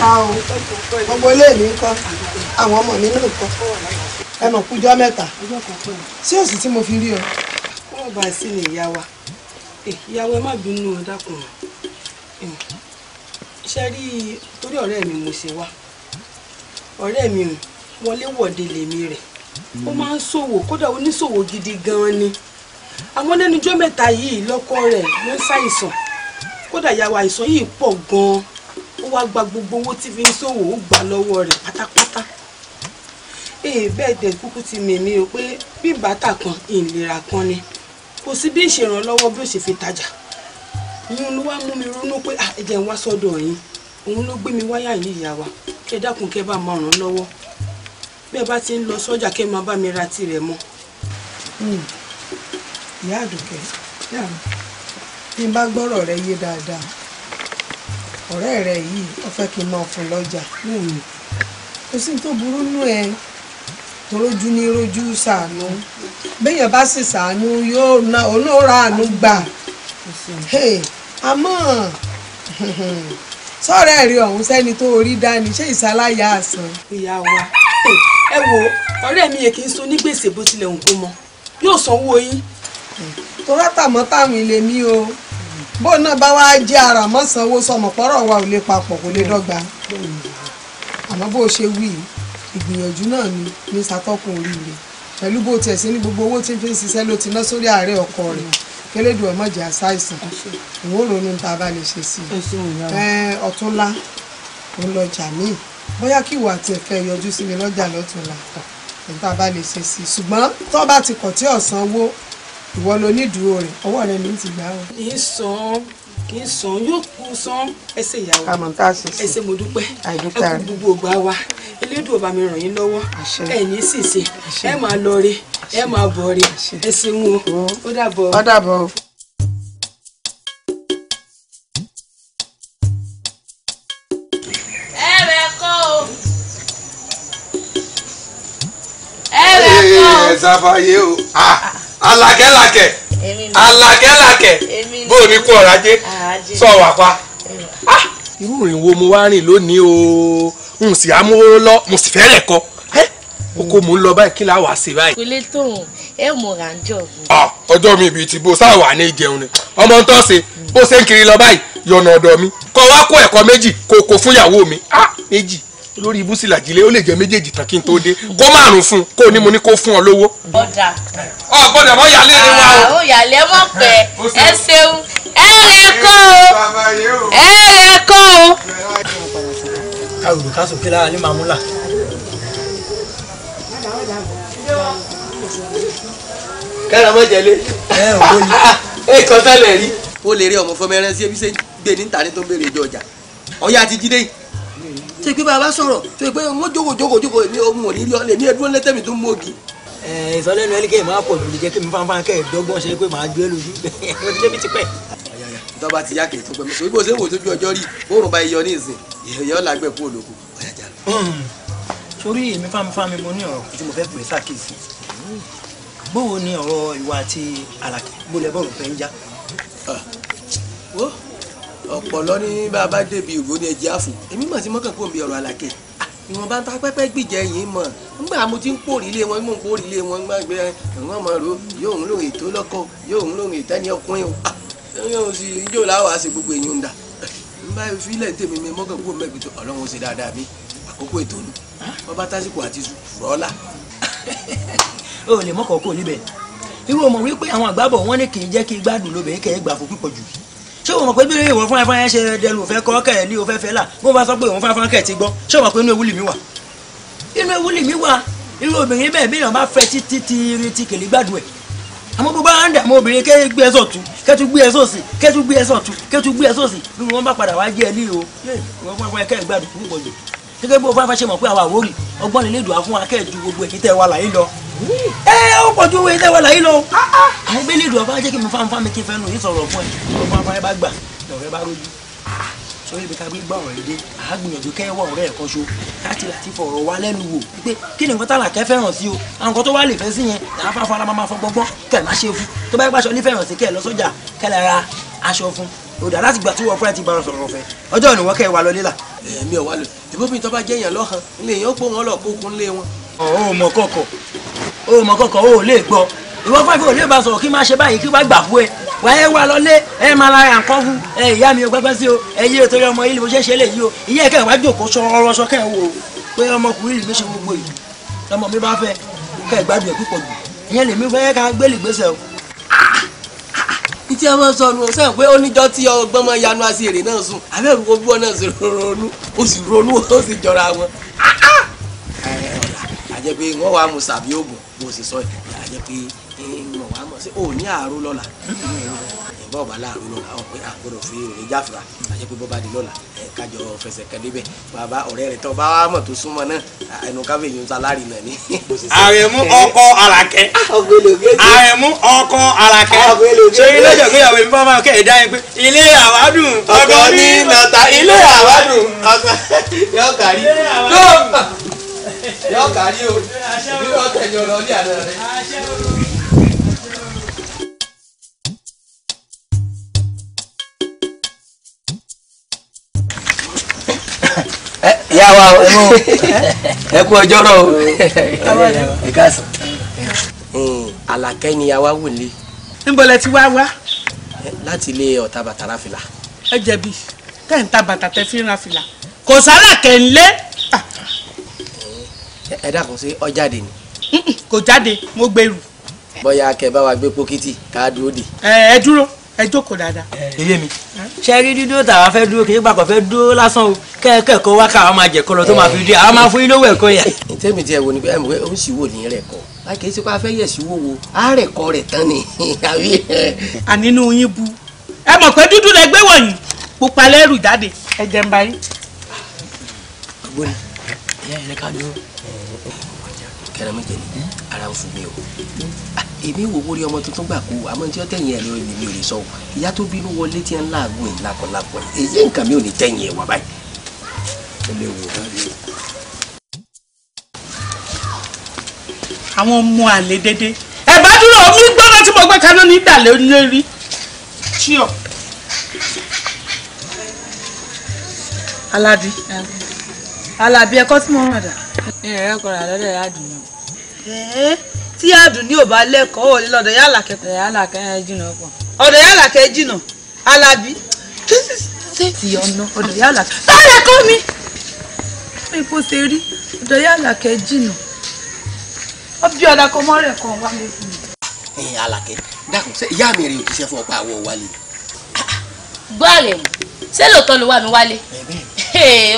ká o gbogbo ilé mi ọmọ mi náà ń kọ́ ẹ mọ̀ mo fi rí ọ. wọ́n bá sí ní ìyá wa eh, ìyá wa má bínú ọ eh, ṣe rí torí ọ̀rẹ́ mi mo ṣe wá ọ̀rẹ́ mi wọlé wọ̀de lèmi rẹ̀ ó máa ń ṣòwò kódà oníṣòwò gidi gan-an ni àwọn mẹ́ta yìí rẹ̀ ló ń ṣàìsàn kódà wá gba gbogbo owó tí fi ń ṣòwò ó gbà lọ́wọ́ rẹ̀ pátápátá èè bẹ́ẹ̀ dẹ̀ kúkú ti mèmí o pé bí bàtà kan ìlera kan ni kò sí bí ìṣèrànlọ́wọ́ bí ó ṣe fi tajà ìyún ló wá mú mi ronú pé ẹ̀jẹ̀ ń wá sọ́dọ̀ yín òun ló gbé mi wáyà yìí ìyá wa kẹ dákun kẹ bá máa ràn lọ́wọ́ bẹ́ẹ̀ bá ti ń lọ sọ́jà kẹ máa bá mi ra tirẹ̀ mọ́. Hmm. ìyá àdùnkẹ́ yàrá bí n bá gbọ́rọ̀ rẹ yé dáadáa ọ̀rẹ́ rẹ yìí wọ́n fẹ́ kí n máa fún lọ́jà kò sí tó burú nù ẹ torójú ní rojú ṣàánú béèyàn bá sì ṣàánú yóò na onóra àánú gbà àmọ́ sọ̀rọ̀ ẹ̀rí ọ̀hún sẹ́ni tó orí dání ṣé ìsáláyà àsán. ìyá wa ẹ wo ọ̀rẹ́ mi yẹn kì í so ní gbèsè bó tilẹ̀ ń kó mọ yóò sanwó yín. torátàmọ́tàmù ilé mi o bó náà bá wá jẹ́ ara mọ́ sanwó sọmọ pọ́rọ̀ wa ò lè papọ̀ kò lè dọ́gba àmọ́ bó ṣe wí ìgbìyànjú náà ni ní sátọ́kùn oríire pẹ̀lú bó tiẹ̀ sí ní gbogbo owó tí ń fi ń ṣiṣẹ́ ló ti ná sórí ààrẹ ọkọ rẹ̀ kélédù ọmọ àṣàìsàn ìwọ ronú tá a bá lè ṣe sí i ọ̀túnla ọlọjà míì bóyá kí ìwọ àti ẹfẹ yọjú sí mi lọ́jà lọ́túnla tá a bá lè ṣe sí i ṣùgbọ́n tó ìwọ ló ní ìdúró rẹ̀ ọwọ́ rẹ̀ ní ti gbà ó. kì í sàn kì í sàn yóò kú sàn ẹsẹ ìyàwó ẹsẹ mo dúpẹ́ ẹ kú gbogbo ògbà wa elédùn ọba mi ràn yín lọ́wọ́ ẹ̀yin sì ṣe ẹ máa lọ re ẹ máa bọ̀ re ẹ ṣeun o ó dàbọ̀. ó dàbọ̀ o. ẹ sáfàyé o alakẹ́lakẹ́ alakẹ́lakẹ́ bó o ní kú ọ̀rọ̀ ajé sọ wà pa. Ah! irú ìrìn wo mo wá rìn lónìí o n sì amúhóró lọ mo sì fẹ́ rẹ̀ kọ́ oko mo ń lọ báyìí kí la wàá ṣe báyìí. kò lè tóun ẹ mọ ránjọ. Ah! ọjọ́ mi ibi tí bó sáà wà ní ìjẹun ni ọmọ ń tọ́sí bó ṣe ń kiri lọ báyìí yọ̀nà ọ̀dọ̀ mi kọ́ wá kó ẹ̀kọ́ méjì kò kò fún ìyàwó mi ah! méjì lórí ibú sílàjílé ó lè jẹ méjèèjì tán kí n tó dé kó márùn fún kó ní mo ní kó fún ọ lówó. ọ̀dà ọ̀gbọ́dọ̀ mọ ìyálé rẹ wá o. àwọn mọ̀ pé ẹ ṣeun ẹ rẹ kó o ẹ rẹ kó o. káwùrù káṣù kí lára ní mamúlà. kẹ́rọ mọ́ jẹ́lé. ẹ kọ́ sálẹ̀ rí. ó lè rí ọmọ fọmọ ẹran sí ebi ṣe gbé ní tàní tó ń béèrè ìjọ ọjà ọ̀ya ti jí dé yìí tó yẹ pé bàbá sọ̀rọ̀ tó yẹ pé mo jókòó jókòó jókòó èmi ò mọ̀ nílé ọ̀lẹ̀ mi ẹ̀dúró lẹ́tẹ̀ mi tó mú ògì. ìsọlẹ́nu ẹlẹ́kẹ́ máa pọ̀ lórí jẹ́ kí mi fáńfáń kẹ́ ẹ̀dọ́gbọ́n ṣe pé màá gbé lójú mo ti débi tipẹ́. tọ́ba ti yá kìí tó gbẹ mi sọ bí mo ṣe wò tójú ọjọ́ rí oòrùn bá iyọ ní ìsìn èèyàn làgbẹ̀ kú olóko sórí èmi fámifámi mo ní ọ̀rọ̀ tí mo fẹ́ pè sákèsí báwo ni ọ̀rọ̀ ìwà àti àlàkè bólẹ̀ bọ́ọ̀lù fẹ́ ń já. Ah. wo ọ̀pọ̀lọ́ ní bàbá débi ìró ní ẹ̀jẹ̀ àfò èmi mọ̀ sí mọ́kàn kó mi ọ̀rọ̀ àlàkẹ́ ah, ìwọ̀nba ta pẹ́pẹ́ gbìjẹ́ yìí mọ̀ nígbà mo ti ń pòrí ilé wọn mò ń pòrí ilé wọn gbà gbé ẹ̀wọ̀n mọ̀ ro yóò ń lòun ètò lọ́kọ̀ yóò ń lòun ìtẹ́ni ọkùnrin o ah, yóò sì yóò láwàá ṣe gbogbo èèyàn ń dà nígbà ìfilẹ̀ tèmi mi mọ́kàn kó mẹ́gbẹ̀ẹ́ tó ọlọ́run ṣe dáadáa mi àkókò ètò ni wọ́n ṣé o mọ̀ pé bí ìwọ̀n fún afárá yẹn ṣe dẹnu òfẹ́ kọ́ kẹ̀ ní òfẹ́ fẹ́ là bó bá sọ pé òun fún afárá kẹ̀ ti gbọ́ ṣé o mọ̀ pé inú ewúlì mi wà inú ewúlì mi wà irú obìnrin bẹ́ẹ̀ bí èèyàn bá fẹ́ títí ti irin ti kèlé gbàdùn ẹ̀ àmọ́ gbogbo àwọn àǹdà àwọn obìnrin kẹ́ gbé ẹsọ̀ tu kẹ́ tún gbé ẹsọ̀ sí kẹ́ tún gbé ẹsọ̀ tu kẹ́ tún gbé ẹsọ̀ sí bí wọ́n bá padà wá jẹ́ ẹ gẹ́gẹ́ bí ọba fàṣẹ mọ̀ pé àwa àwórì ọgbọ́n lè lédùá fún akẹ́ẹ̀dù gbogbo èkìtì ẹ̀wà làyé lọ. ẹ ẹ ó pọ̀ ju owó èkìtì ẹ̀wà làyé lọ. àyè gbé lédùá bá jẹ́ kí mi fa mi kí n fẹ́ yìí sọ̀rọ̀ fún ẹ ọgbọ́n afárẹ́ bá gbà lọ́rẹ́ bá rójú. sórí ibi ká gbé gbà ọ̀rẹ́ dé àgbìyànjú kẹ́wọ́ ọ̀rẹ́ ẹ̀kọ́ so láti láti fọ̀rọ̀ wa lẹ́nu wò pé kí ni nǹkan tá làkẹ́ fún tó bá yẹ láti gbà tí wọ́n fúnra ti bá wọn sọ̀rọ̀ fẹ́ ọjọ́ ìnáwó kẹ́ wà lọ nílà. ẹ̀mí ọ̀wá lòdì ìbófin tó bá jẹ́ èèyàn lọ́hàn ilé ó pò wọ́n lọ kó okun wọn. ọ̀ ò mọ̀ kọ̀kọ̀ ò mọ̀ kọ̀kọ̀ lè gbọ́ ìwọ fẹ́fẹ́ ò lè sọ̀rọ̀ kí má ṣe báyìí kí wá gbà fún ẹ wà ẹ wà lọlé ẹ máa la yàn fún ẹ ìyá mi ò gbẹgbẹ sí o ẹ yé torí ọmọ yìí ni mo ṣe ṣe léyìí o ìyá ẹ kẹ wá jòkó sọ̀rọ̀ sọ kẹ wò ó pé ọmọkùnrin yìí ló ṣe gbogbo yìí ọmọ mi bá fẹ́ kẹ gbádùn ẹ púpọ̀ jù ìyẹn lèmi fẹ́ ká gbélé gbèsè o ìtí ẹ máa sọnù ọ sẹ́yìn pé oníjọ́ tí ọgbọ́n máa yanu àti èrè náà sùn abẹ́rù wo bí wọ́n náà sì ronú o sì ronú o sì jọra wọn. àjẹ pé wọ́n wàá mu sàbí oògùn mo sì sọ ẹ̀ àjẹ pé wọ́n wàá mọ̀ sí òní àárò lọ́la bọ́ọ̀bà láàrú lọ àwọn pé àgbọ̀dọ̀ fi òní jáfra àṣẹ pé bọ́ba di lọ́la ẹ̀ kájọ fẹsẹ̀ kan débẹ̀ bàbá ọ̀rẹ́ rẹ̀ tọ́ bá wà mọ̀ tó súnmọ́ náà ẹnu káfí yìí ń salárì náà ni. àrẹ̀mú ọkọ alakẹ ah, àrẹ̀mú ọkọ alakẹ ah, ṣé ilé ìjọ̀gbéyàwó mi bá máa kẹ́ ẹ̀ dáhìn pé ilé àwádùn ọkọ ní nàta ilé àwádùn ọkọ yóò kárí yóò kárí o ìbí wọn tẹ̀yìn ọ̀rọ̀ ní àná rẹ̀. Eh, ìyá wa o ẹ kú ọjọ́ rọ̀ o ẹ káàsán. Hmm, àlàkẹ́ ni àwa wò lé. níbo lẹ ti wá wá. Eh, láti ilé ọ̀tá bàtà ráfìlà. ẹ jẹ̀bi tẹ́ ń ta bàtà tẹ́ fi ń ráfìlà kò sára kẹ̀ ń lé. Eh, ẹ dákun sí ọjáde ni. kò jáde mo gbèrú. bóyá kẹ bá wa gbé pókítì ká dúró dè. ẹ dúró ẹ jókòó dáadáa. èyí mi ṣe rí dídó tàwa fẹ́ dúró kì í gbàgbọ́ fẹ́ dúró lásán o kẹ́ẹ̀kẹ́ẹ̀kọ́ wá káwa máa jẹ̀kọ́ lọ tó máa fi dé àwọn máa fún yín lówó ẹ̀kọ́ yẹn. tèmi tiẹ̀ wo ni bẹ́ẹ̀ mo ń ṣì wò ní rẹ̀ kọ́ a kì í ṣe pé a fẹ́ yẹ̀ sí wòwò a rẹ̀ kọ́ rẹ̀ tán ni àbí. ànínú yín bu ẹ mọ̀ pé dúdú lẹ gbé wọ̀nyí pupa lẹ́rù jáde ẹ jẹ́ ń bá èmi wò wórí ọmọ tuntun gbà kú àmọ́ tí ó tẹ̀yìn ẹ̀ lọ ni mi ò lè sọ o ìyá tó bínú wọlé tí ń láàgùn ẹ̀ lákọ̀lákọ̀ èyí nǹkan mi ò ní tẹ̀yìn ẹ̀ wà báyìí. ó lè wò ó lè. àwọn ọmọ àlè dédé ẹ bá dúró omi gbọ́dọ̀ tí mo gbé kaná ní ìdàlẹ́ lórí tíọ̀. alábí alábí ẹ̀kọ́ tí mo rán àdá. ẹ ẹ kọra lọ́dọ̀ ẹ̀ adùn tí àdùnní ò bá lẹ́kọ̀ọ́ ò lè lọ́dọ̀ yá àlàkẹ́. ọ̀dọ̀ yá àlàkẹ́ jìnnà pọ̀. ọ̀dọ̀ yá àlàkẹ́ jìnnà alábí. ti ọ̀nà ọ̀dọ̀ yá àlàkẹ́. táyà kọ́ mi. mi kò ṣe rí ọ̀dọ̀ yá àlàkẹ́ jìnnà. ọbí ọ̀dà kọ́ mọ́ rẹ̀ kan wá mi fún mi. ẹyin àlàkẹ́ dákun ṣe ìyá mi rè é kíṣẹ́ fún ọ̀pá àwọ̀ wálé. gbọ́ àrẹ̀ mọ̀ ṣé lóòótọ́ ló wà mí wálé?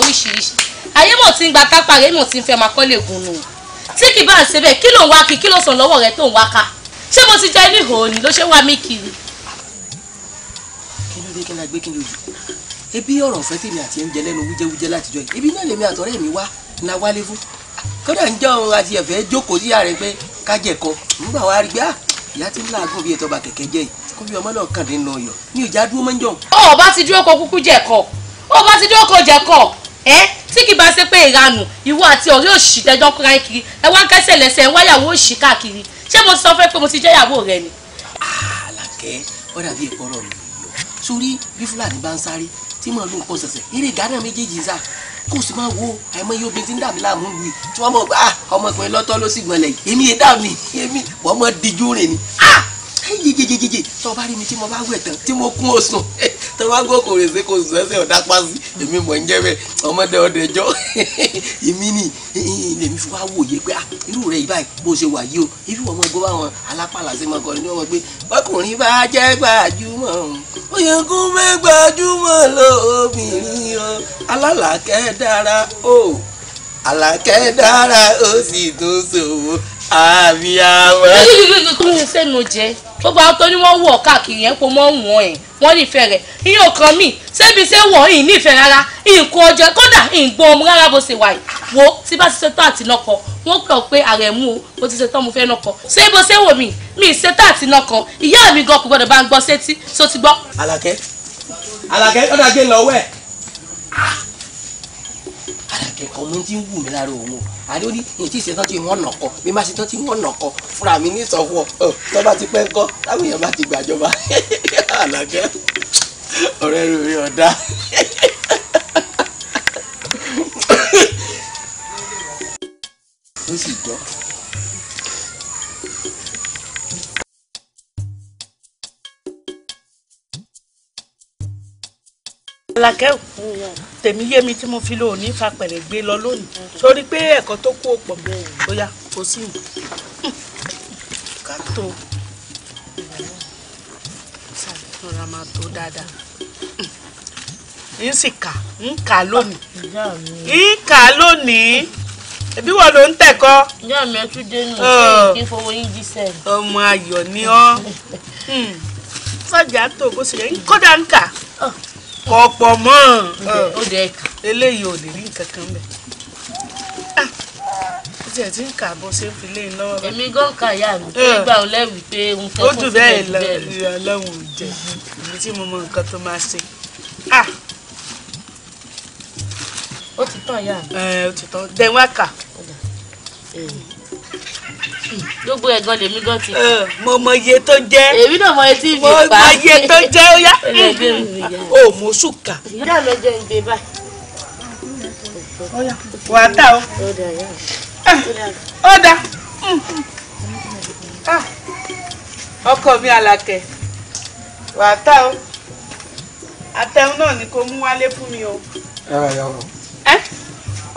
oríṣiríṣi ayé mọ̀ ti ń gba kápá ayé mọ̀ ti ń fẹ́ máa kọ́lé gun nù. tí kì bá ń ṣe bẹ́ẹ̀ kí ló ń wá kí kí ló sàn lọ́wọ́ rẹ tó ń wá ká ṣé mo ti jẹ́ ní ìhòòhò ló ṣe wá mí kiri. kí ló dé kí n gbé kí n lójú ebi ọrọ ọ̀fẹ́ tèmi àti ẹ̀ ń jẹ lẹ́nu ebi náà lèmi mi wá la wálé fún kódà ń jẹ́ òun àti ẹ̀fẹ́ jókòó sí ààrẹ pé kájẹ̀kọ́ nígbà rí gbé ah, ìyá tí bí yìí kó bí ọmọ kọ kúkú jẹ̀kọ̀ bá ẹ tí kì bá ṣe pé ìranù ìwọ àti ọ̀rẹ́ òṣì tẹjọ kúra ẹ kiri ẹ wá kẹsẹ̀ lẹ́sẹ̀ ẹ wáyàwó òṣì káàkiri ṣé mo sọ fẹ́ pé mo ti jẹ́ ìyàwó rẹ ni. àlàkẹ́ ó dàbí ẹ̀kọ́ rọ̀ mi yọ sórí bí fúlàní bá ń sáré tí mo lò ń pọ̀ sẹ̀sẹ̀ eré gánà méjèèjì sá kó o sì máa wo àìmọ iye obìnrin tí ń dàbí láàmú lu yìí tí wọ́n mọ̀ pé ah, ọmọkùnrin lọ́tọ́ ló sì gbọ̀nlẹ̀ yìí èmi yẹn dàbí èmi jẹjẹjẹjẹ tó bá rí mi tí mo bá wẹ̀ tán tí mo kún òsùn tó bá gbọ́ kò rèsé kò sùn ẹsẹ̀ ọ̀dá pásí èmi mọ̀ ń jẹ́ bẹ́ẹ̀ ọmọdé ọdẹ jọ èmi ni lèmi fi wá wòye pé irú rẹ̀ yìí bó ṣe wà yìí o irú ọmọ gbọ́ báwọn alápàlà sí mọ́kàn ní ọmọ pé ọkùnrin bá jẹ́ gbajúmọ̀ ó yẹ kó gbajúmọ̀ lóbìnrin o alálàkẹ́ dára o àlàkẹ́ dára ó sì tún ṣòwò àbí àwọn. kúrò sẹ́nu jẹ́ gbogbo àwọn tó ní wọ́n wọ̀ káàkiri yẹn kò mọ́ wọ́n ẹ̀ wọ́n nífẹ̀ẹ́ rẹ̀ ìyẹn ọkàn mi ṣébi ṣé wọ̀ ìyìn nífẹ̀ẹ́ rárá nǹkan ọjọ́ kódà nǹkan ọmọ rárá bó ṣe wà yìí wo tí bá ti ṣe tán àti nọkọ wọ́n kọ̀ pé ààrẹ mú o mo ti ṣe tán mo fẹ́ nọkọ ṣé bó ṣe wò mí mi ṣe tán àti nọkọ ìyá mi gan kò gbọdọ̀ bá ń gbọ́ sétí tó ti gbọ́. Àlàkẹ́ Àlàkẹ́ ọ̀dà gbé lọ́wọ́ àràkẹ́kọ̀ọ́ mo ti ń wù mí lára òun o àdé ó ní ní tí ìṣe tán ti wọ́n nàkọ́ bí má ṣe tán ti wọ́n nàkọ́ fúnra mi ní ìsọ̀fọ̀ tó bá ti pẹ́ ń kọ́ táwọn èèyàn bá ti gbàjọba àlàkẹ́ ọ̀rẹ́ rẹ̀ rí ọ̀dá. ó sì jọ́ alákẹ́ tèmi yé mi tí mo fi lóòní fa pẹ̀rẹ̀ gbé lọ lónìí torí pé ẹ̀kọ́ tó kú òpọ̀ bóyá kò sí mi kátó ṣàtúnra máa tó dáadáa n sì kà ń kà lónìí ń kà lónìí ẹbí wọn ló ń tẹ̀kọ́. ìyá mi ẹ tún dé nù kí n fowó yín jíṣẹ́. ọmọ ayọ̀ ni ọ́ hmm. sọ́jà tó bó ṣe yẹ kódà ń kà ọ̀pọ̀ mọ́ eléyìí ò lè rí nǹkan kan bẹ̀. Ah, ó tiẹ̀ ti ń kà bó ṣe ń fi lé iná lọ́wọ́. èmi gan kà yá mi tó eh. gbà ó lẹ́rìí pé ń fẹ́ kó sílẹ̀ bẹ́ẹ̀ lọ. ó dùn bẹ́ẹ̀ lọ́wọ́ jẹ èmi tí mo mọ nǹkan tó máa ṣe. Ah. ó ti tán yá mi. Eh, ó ti tán dẹ̀ kà gbogbo ẹ̀gàn lèmi gan ti. mo mọ iye tó jẹ́. èmi náà mọ iye tí mi pa. mo mọ iye tó jẹ́ ó yá. o mọ ṣùkà. ìyá mi jẹ́ ń báyìí. wà á tà o. ó dà ah, mm, mm. Ah. ọkọ mi àlàkẹ́ wà á tà o atẹ́hún náà ni kò mú wálé fún mi o.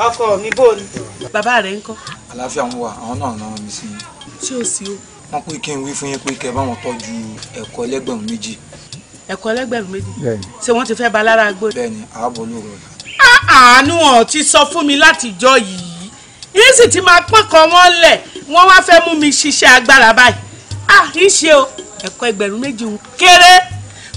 ọkọ mi bò ní. bàbá rẹ̀ ń kọ́ àlàáfíà ń wà àwọn náà náà mi sí. ṣé o sì o. wọ́n pé kí n wí fún yín pé kẹ́ báwọn tọ́jú ẹ̀kọ́ ẹlẹ́gbẹ̀rún méjì. ẹ̀kọ́ ẹlẹ́gbẹ̀rún méjì. bẹ́ẹ̀ni ṣé wọ́n ti fẹ́ ba lára gbó. bẹ́ẹ̀ni ààbò lóru ọ̀la. àánú ọ̀ ti sọ fún mi látijọ́ yìí yìí sì ti máa pọ́n kan wọ́n lẹ̀ wọ́n wá fẹ́ mú mi ṣiṣẹ́ agbára báyìí. à kì í ṣe o ẹ̀kọ́ ẹgbẹ̀rún méjì ń kéré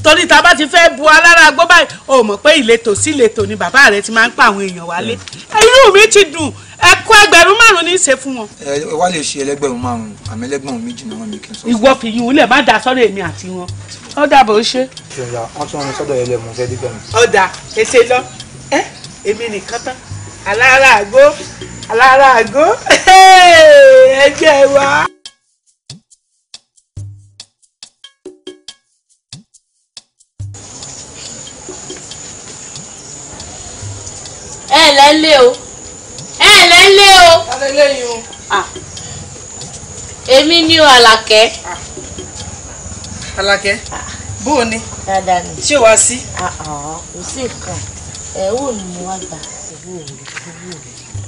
torí ta bá ti fẹ́ bu alára gbó báyìí o mọ̀ pé ìletò sí ìletò ni bàbá rẹ ti máa ń pa àwọn èèyàn wálé. inú mi ti dùn ẹ kó ẹgbẹ̀rún márùn ní í ṣe fún wọn. ẹ wá lè ṣe ẹlẹgbẹ̀rún márùn àmì ẹlẹgbẹ̀rún méjì ni wọn mi kì í sọ. ìwọ fìyìn òun lè má da sọ́dọ̀ èmi àti wọn ó dàbọ̀ ó ṣe. ṣèyá wọn tún wọn sọ́dọ̀ ẹlẹ mọ fẹẹ dígbà mi. ọ̀dà èsè lọ ẹ èmi nìkan tán alára àgó alára àgó ẹgbẹ́ wa. ẹ lẹ́lẹ́ o ń lé o. Ah. èmi ni o àlàkẹ́. Ah. àlàkẹ́ ah. bó o ní ṣé wàá sí. kò sí nǹkan ẹ̀ wò ni mo wá gbà owó rẹ̀ owó rẹ̀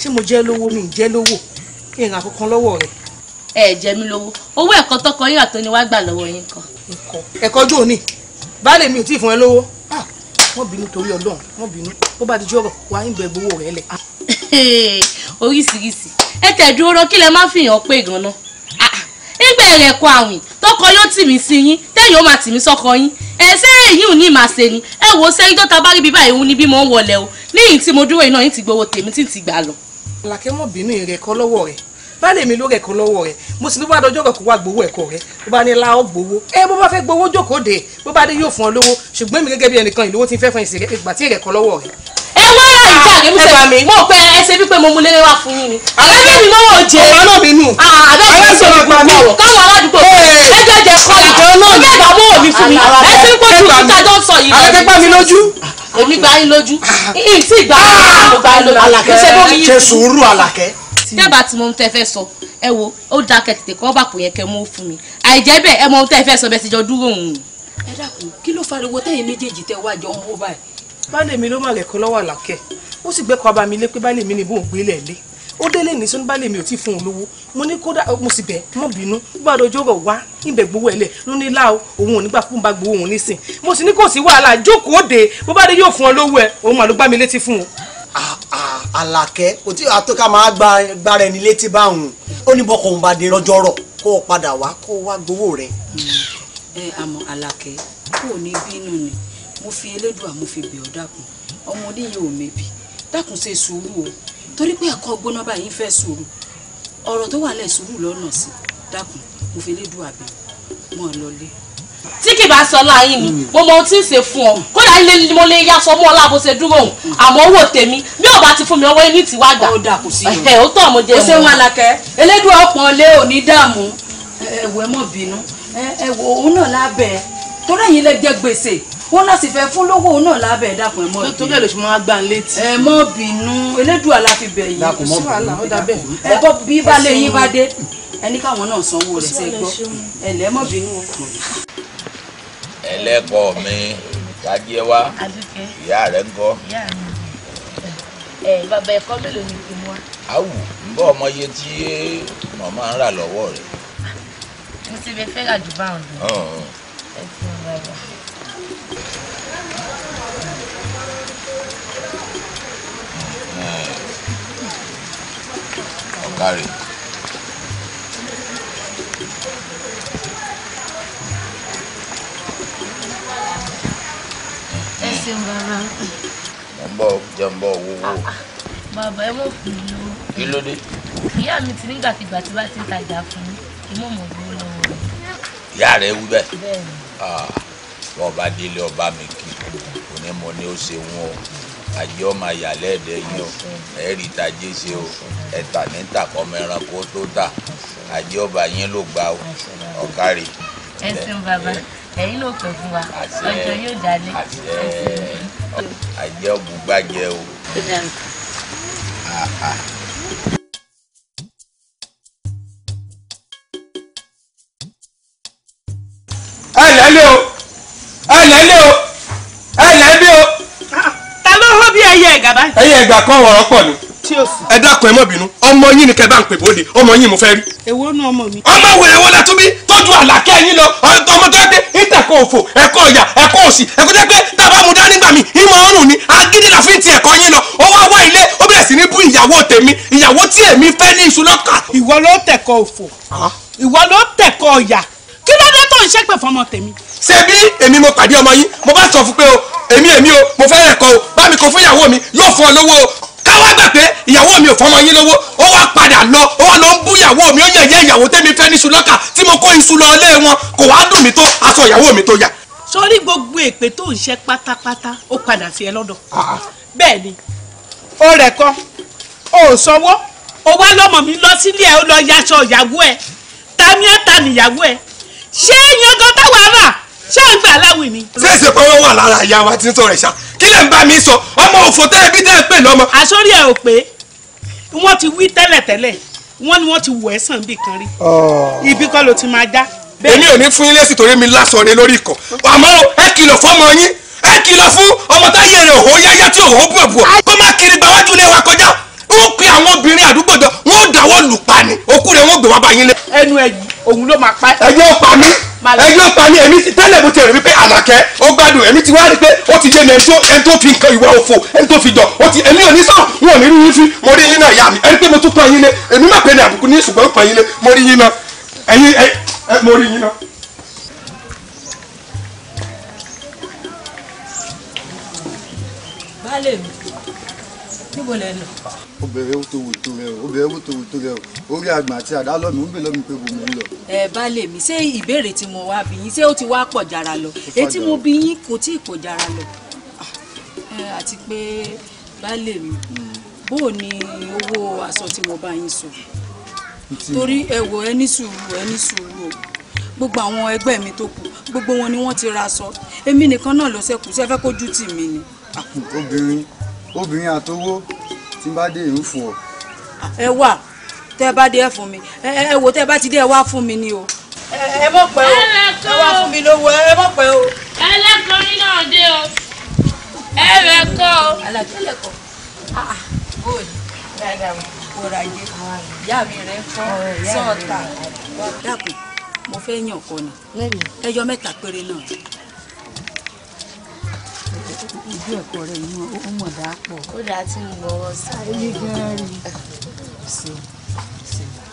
ṣé mo jẹ́ lówó mi jẹ́ lówó kí n ra kankan lọ́wọ́ rẹ̀. ẹ jẹ mí lówó owó ẹ̀kọ́ tọkọ yín àtọ́ni wá gbà lọ́wọ́ yín kan. ẹ̀kọ́ ọjọ́ òní baálé mi ò tí ì fún ẹ wọ́n bínú torí ọlọ́run wọ́n bínú bó bá ti jọ̀rọ̀ wà á ń bẹ gbowó rẹ̀ lẹ̀. oríṣiríṣi ẹ tẹ̀dú oró kí lẹ má fìyàn pé gan-an ah, ah. nígbà ẹ̀rẹ̀ kọ àwìn tọkọ yóò tì mí sí yín tẹ́yìn ó máa tì mí sọ́kọ yín ẹ̀sẹ̀ èyí ò ní ìmà ṣe ni ẹ wo sẹ́yìn tó ta bá rí bíbá ìhun níbí mò ń wọlé o níyìn tí mo dúró iná yín ti gbowó tèmi tí ń ti gbà lọ. àlàkẹ́ mọ̀ bínú ìrẹ̀kọ́ lọ́wọ́ rẹ̀ baálé mi ló rẹ̀kọ́ lọ́wọ́ rẹ̀ mo sì ní bá dọjọ́ kọ̀ọ̀kan wá gbowó ẹ̀kọ́ rẹ̀ bó bá ní la ọ́ gbowó ẹ bó bá fẹ́ gbowó jókòó dé bó bá dé yóò fún ọ lówó ṣùgbọ́n mi gẹ́gẹ́ bí ẹnìkan ìlówó ti fẹ́ fún ìsìn ìgbà tí ìrẹ̀kọ́ lọ́wọ́ rẹ̀. ẹ wá ìjà mi sẹ́yìn mo pẹ́ ẹ ṣe wípé mo mú lélẹ́ wá fún yín ni. àlejò mi lọ́wọ́ jẹ ọmọ mi nù. àbẹ́sẹ̀ mi sọ̀rọ̀ pa mí. káwọn aládùúgbò ẹjọ́ jẹ kọ́ ìjọ náà ni. ẹ tẹ́ẹ̀bà tí mo ń tẹ́ fẹ́ sọ ẹ wo ó dáa kẹtìtì kọ́ bàpò yẹn kẹ́ mú fún mi àìjẹ́ bẹ́ẹ̀ ẹ mọ ohun tẹ́ ẹ fẹ́ sọ bẹ́ẹ̀ ti jọ dúró òun. ẹ dákun kí ló fariwo tẹ́yìn méjèèjì tẹ́ wá jọ ń wó báyìí. baálé mi ló má rẹ̀ kọ́ lọ́wọ́ àlàkẹ́ ó sì gbẹ́kọ̀ọ́ bá mi lé pé baálé mi ni bóun gbé lẹ̀ lé ó délé ní sọ́ni baálé mi ò tí fún òun lówó mo ní kódà mo sì bẹ̀ mọ́ bínú gbọ́dọ̀ ọjọ́ rọ̀ wá ibẹ̀ gbowó ẹ̀lẹ̀ ló ní láò òun ò nígbà fún bá gbowó òun nísìn mo sì ní kò sí wàhálà jókòó dé bó bá dé yóò fún ọ lówó ẹ òun mà gbá mi létí fún un. Ah, Àlàkẹ́ kò tí àtọ́ká máa gbára ẹni létí báwọn ó ní bọ́kọ̀ òun bá dé lọ́jọ́ rọ̀ kó o padà wá kó o wá gbowó rẹ̀. ẹ àmọ́ Àlàkẹ́ kò ní bínú ni mo fi elédùn àmọ́ fi bẹ̀ ọ́ dákun ọmọ oníyẹ ò mẹ́bi dákun ṣe sùúrù o torí pé ẹ̀kọ́ gbóná báyìí fẹ́ sùúrù ọ̀rọ̀ tó wà lẹ̀ sùúrù lọ́nà sí dákun mo fi elédùn àbẹ̀ mọ́ ọ lọlé tí kì bá sọ láyìn ni mo mọ ohun tí ń ṣe fún ọ kódà ilé mo lè yá sọ mọ ọlá bó ṣe dúró òun àmọ́ owó tèmi bí ò bá ti fún mi ọwọ́ inú ti wá gbà ó dà kò sí yòó ẹ ó tọ mo jẹ mọ. o ṣeun alakẹ elédùn ọpọn lé òní dààmú ẹwọ ẹ mọ bínú ẹwọ òun náà lábẹ torí ẹ̀yin lè jẹ gbèsè wọn náà sì fẹ́ fún lówó òun náà lábẹ dàpọn ẹ mọ bínú ẹni káwọn náà sanwó rẹ̀ ṣe gbọ́ ẹ̀lẹ́ mọ̀ bínú o. ẹlẹ́kọ̀ọ́ mi kájíẹ wá ìyá rẹ̀ ń gọ́. bàbá ẹ̀kọ́ mélòó ni kì í mú wa. awù ń bọ́ ọmọ iye tí mo máa ń rà lọ́wọ́ rẹ̀. mo ti fẹ́ rà jù báwọn lọ. ẹ ṣeun bàbá. mo ń bọ̀ jẹ́ ń bọ̀ wúwo. Ah, ah. bàbá ẹ mọ̀ fún mi lówó. kí ló dé. ìyá mi ti nígbàkigbà tí bá ti ń tajà fún mi mo mọ̀ lówó lọ́wọ́ rẹ̀. ìyá rẹ̀ wí bẹ́ẹ̀. bẹ́ẹ̀ni. wọ́n ah, bá délé ọba mi kí kò ní mo ní ó ṣe wọn o àjẹ́ ọmọ àyàlẹ́ ẹ̀dẹ́ yìí o ẹ̀rí tajé ṣe o ẹ̀ta níta kọ́mọ ẹranko tó tà àjẹ́ ọba yín ló gbà o ọ̀kárì. ẹ ṣeun bàbá ẹ̀yin ló pè fún wa ọjọ́ yóò dalé. àjẹ́ ògùngbàjẹ́ o. ẹ o ẹ lẹ́lẹ́ o ẹ lẹ́bí o. ta ló hó bí ẹyẹ ẹ̀gà báyìí. ẹyẹ ẹ̀gà kan wọ̀rọ̀ pọ̀ ni ẹ dákun ẹ má bínú ọmọ yín ni kẹ bá ń pè bóde ọmọ yín mo fẹ́ rí. èwo nu ọmọ mi. ọmọ wèrè wo la tún bí tó àlàkẹ́ yín lọ ọmọ tó yẹ ìtẹ̀kọ̀ òfò ẹ̀kọ́ ọ̀yà ẹ̀kọ́ òsì ẹ̀kọ́ jẹ́ pé tábà mú dání gbà mí ìmọ̀ ọ̀rùn ni agídí la fi ń ti ẹ̀kọ́ yín lọ ó wá wá ilé ó bẹ̀rẹ̀ sí ní bú ìyàwó tèmi ìyàwó tí èmi fẹ́ ní iṣu lọ́kà. ìwọ ló tẹ̀kọ̀ òfò ìwọ ló tẹ̀kọ̀ ọ̀yà kí ló dé tó ń ṣépè fọmọ tèmi. ṣé bí èmi mo pàdé ọmọ yín mo bá sọ fún pé o èmi èmi o mo fẹ́ ẹ̀kọ́ o bá mi kọ fún ìyàwó mi yóò fún ọ lówó o káwá gbà pé ìyàwó mi ò fọmọ yín lówó ó wá padà lọ ó wá lọ ń bú ìyàwó mi ó yẹ̀yẹ́ ìyàwó tẹ́mi fẹ́ ní ṣùlọ́kà tí mo kó iṣu lọ ilé wọn kò wá dùn mí tó aṣọ ìyàwó mi tó yà. sórí gbogbo èpè tó ń ṣe pátápátá ó padà sí ẹ lọ́dọ̀ ah, ah. bẹ́ẹ̀ ni ó rẹ̀ kọ́ ó sanwó ó wá lọ́mọ mi lọ sílé ẹ ó lọ yaṣọ ìyàwó ẹ tàmí níyàwó ẹ ṣé yangan táwa rà ṣé ń gbà aláwìn ni. ṣéèṣì pọ́wọ́ wà lára ìyá wa tí ń sọ̀rọ̀ ìṣá kí lè ń bá mi sọ ọmọ òfò tẹ́ ẹbí tẹ́ ẹ pè lọ́mọ. àsọ̀rí ẹ̀ ò pé wọ́n ti wí tẹ́lẹ̀tẹ́lẹ̀ wọ́n ni wọ́n ti wọ̀ ẹ́ sàn bí kan rí ibi kọ́ ló ti máa já. èmi ò ní fún yín lésì torí mi lásán ni lórí ikọ̀ àmọ́ ẹ kìlọ̀ fọ́mọ yín ẹ kìlọ̀ fún ọmọ táyé rẹ̀ òhó yáyá tí òhó bùọ̀ bùọ̀ kó má kiri gbàwájú lé wa kọjá ó pe àwọn obìnrin àdúgbò jọ wọn ò dáwọ́ lù pa ni òkú rẹ̀ wọ́n gbé wá bá yín lé. ẹnu ẹ̀yìn òun ló máa pa ẹ́. ẹjọ́ pa mí ẹjọ́ pa mí èmi tẹ́lẹ̀ mo ti rí pé àlàkẹ́ ó gbádùn èmi ti wá rí pé ó ti jẹ́ mi ẹni tó ẹni tó fi nǹkan ìwà òfò ẹni tó fi jọ ó ti èmi ò ní sàn n ò ní rí yín fi mo rí yín náà yá mi ẹni pé mo tún pa yín lé èmi má pe ní àbùkù ní ṣùgbọ́n pa yín lé mo rí yín náà ẹ̀yin mi níbo lẹ obìnrin ó tó wò tó rẹ o obìnrin ó tó tó rẹ o orí àgbà àti àdá lọ́mì ń bè lọ́mì pé bò mò ń lọ. ẹ baálé mi ṣé ìbéèrè tí mo wá bí yín ṣé ó ti wá pọ̀ jara lọ èyí tí mo bí yín kò tí ì pọ̀ jara lọ àti pé baálé mi bó o ní owó aṣọ tí mo bá yín sọ torí ẹ wò ẹ sùúrù ẹ sùúrù o gbogbo àwọn ẹgbẹ́ mi tó kù gbogbo wọn ni wọ́n ti ra aṣọ èmi nìkan náà ló ṣẹ́kù ṣẹ́fẹ́ kójú tì mí ni. obìnrin obìnrin àtowó tí n bá dé ń fún ọ. ẹ wà tẹ bá dé ẹ fún mi ẹ wò tẹ bá ti dé ẹ wá fún mi ni o. ẹ mọ̀ pẹ́ o ẹ wá fún mi lówó ẹ mọ̀ pẹ́ o. ẹlẹ́kọ̀ọ́rin náà dé o ẹlẹ́kọ̀ o. alájọ́lẹ̀kọ̀ ah, ah, bóòlù dáadáa kóra yé ìyá mi rẹ fọ́ sọ́ọ̀tà. dákun mo fẹ́ yàn kọ́ni ẹyọ mẹ́ta péré náà ìdí ẹ̀kọ́ rẹ̀ yìí ó mọ̀ dá pọ̀. ó dáa tí mo gbọ́wọ́ sí. ayé gan-an rí i.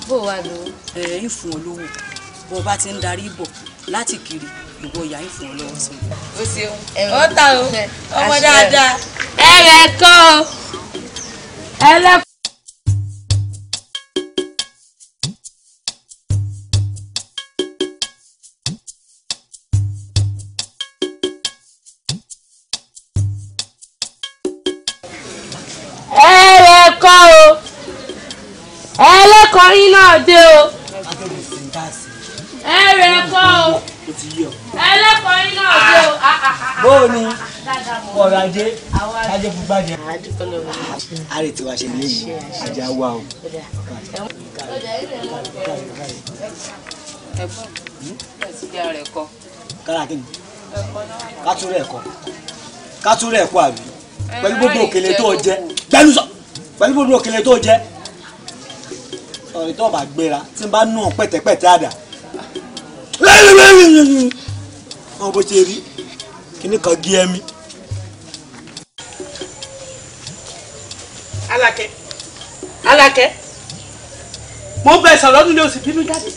bó o wà ló. ẹ ń fún ọ bó o bá ti ń darí bọ̀ láti kiri ìwọ ìyá ń fún ọ o ṣeun ó ta o ọmọ dáadáa ẹ rẹ kọ́ ọ. yín náà dé o. ẹ rẹ kọ́ o. ẹlẹ́kọ̀ọ́ yín náà dé o. bóò ni ọ̀rọ̀ ajé ajé fún gbàjẹ́. àárè tí wàá ṣe léyìn ajá wà o. ẹ̀gbọ́n ẹ̀sìnjà rẹ̀ kọ́. kára kí ni ká tún rẹ̀ kọ́ ká tún rẹ̀ kọ́ àbí pẹ̀lú gbogbo òkèlè tó jẹ pẹ̀lú gbogbo òkèlè tó jẹ ọ̀rẹ́ tó bá gbéra tí n bá nù pẹ̀tẹ̀pẹ̀tẹ̀ àdà wọn bó ṣe rí kíní kan gé ẹmí. Alákẹ́ Alákẹ́ mo bẹ sọ lọ́dún ní oṣù bínú jáde.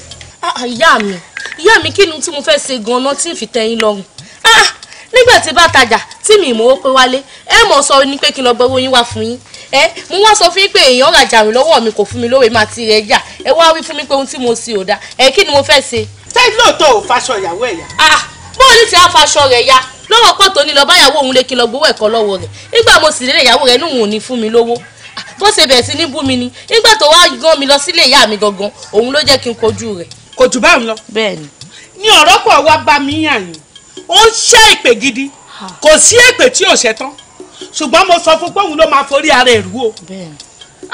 Ah, ah, ìyá mi ìyá mi kí ni tí mo fẹ́ ṣe gan-an tí n fi tẹ́yìn lọ́rùn ah, nígbà tí bá tajà tí mi ìmọ̀ ó pé wálé ẹ mọ̀ sọ ni pé kí n lọ gbọ́ owó yín wá fún yín ẹ mo wá sọ fún yín pé èèyàn ra jàre lọ́wọ́ mi kò fún mi lóore máa ti rẹ̀ jà ẹ wá wí fún mi pé ohun tí mo sì ò dá ẹ kí ni mo fẹ́ ṣe. sẹ́yìn lóòótọ́ ò faṣọ ìyàwó ẹ̀ yá. ah bóun ní ti á faṣọ rẹ̀ ya lọ́wọ́ pọ̀ tó ní lọ báyàwó òun lè kí lọ gbowó ẹ̀kọ́ lọ́wọ́ rẹ̀ nígbà mo sì lé ìyàwó rẹ̀ níwọ̀n ni ní fún mi lówó ah, bó ṣe bẹ̀rẹ̀ sí ní bú mi ni nígbà tó wá gán mi lọ sílé ìyá mi gangan òun ló jẹ́ kí n kojú rẹ̀. kò jù báyìí lọ. bẹ́ẹ̀ni. ní ọ̀rọ̀ pọ̀ wá bá mi yàn yín ó ń ṣe èpè gidi ah. kò sí èpè tí ò ṣe tán ṣùgbọ́n mo sọ fún pé òun ló máa forí ara ẹ̀ rú o.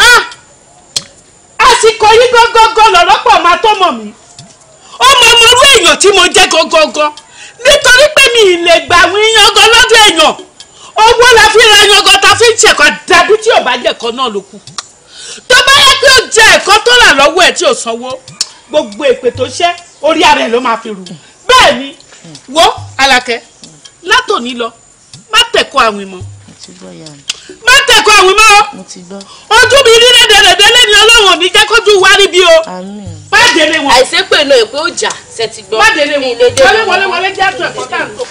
Ah! àsìkò yìí gángan lọ̀rọ̀ pọ̀ máa tó mọ̀ mí ó mọ ọmọ orú èèyàn tí mo jẹ́ gangan nítorí pé mi ì lè gbà àwọn yangan lọ́dọ̀ èèyàn owó la fi ra yangan ta fi ń ṣẹ̀kọ́ dàbí tí ò bá jẹ́ ẹ̀kọ́ náà ló kù tó bá yẹ kí ó jẹ ẹ̀kọ́ tó rà lọ́wọ́ ẹ̀ tí ò sanwó gbogbo èpè tó ṣẹ́ orí ara ẹ̀ ló máa fi rù bẹ́ẹ̀ ni wo Àlàkẹ́ látòní lọ má tẹ̀kọ́ àwìn mọ́ ti gbọ́ ìyá mi. má tẹ̀kọ̀ àwìn mọ́. mo ti gbọ́. ojú mi rí lẹ́dẹ̀rẹ̀dẹ̀ lẹ́ni ọlọ́run ní jẹ́ kójú wá níbí o. àmín. má délé wọn. àìsèpè lọ èpè ọjà ṣe ti gbọ́. má délé wọn wọlé wọlé wọlé jẹ́ àtọ̀ ẹ̀kọ́ tá à ń tó.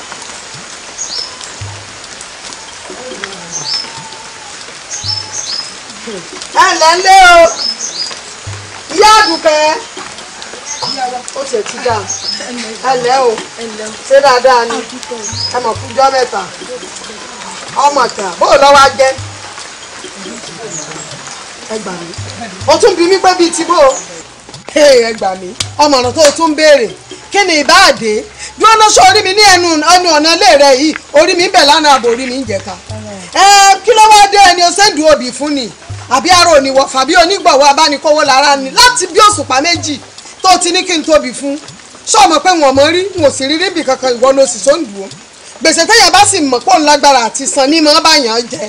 ẹ lẹ́lẹ́ o ìyá àdùkẹ́ ó tiẹ̀ ti dáa ẹ lẹ́ o ṣé dáadáa ni ẹ mọ̀ fún jọ́ mẹ́ta ọmọ kan bó lọ́wọ́ jẹ́ ẹ gbà mí o tún bí mi pé bíi ti bó ẹ gbà mí ọmọ ọ̀nà tó o tún béèrè kí ni ìbáàdé dúró lóṣù orí mi ní ẹnu ẹnu ọ̀nà ilé rẹ yìí orí mi ń bẹ̀ lánàá àbò orí mi ń jẹ̀ka ẹ kí ló wáá dé ẹni o ṣèǹdù òbí fún ni àbí ara òníwọ̀ fàbí onígbọ̀wọ́ abánikówó lára ni láti bí òṣùpá méjì tó ti ní kí n tóbi fún ṣọ́ọ̀mọ̀ pé wọn mọ̀ rí wọn ò sì rí rí bì kankan ìwọ ló sì sóńdùú gbèsè téèyàn bá sì mọ̀ pò ń lágbára àti san ní mọ́ báyàn jẹ́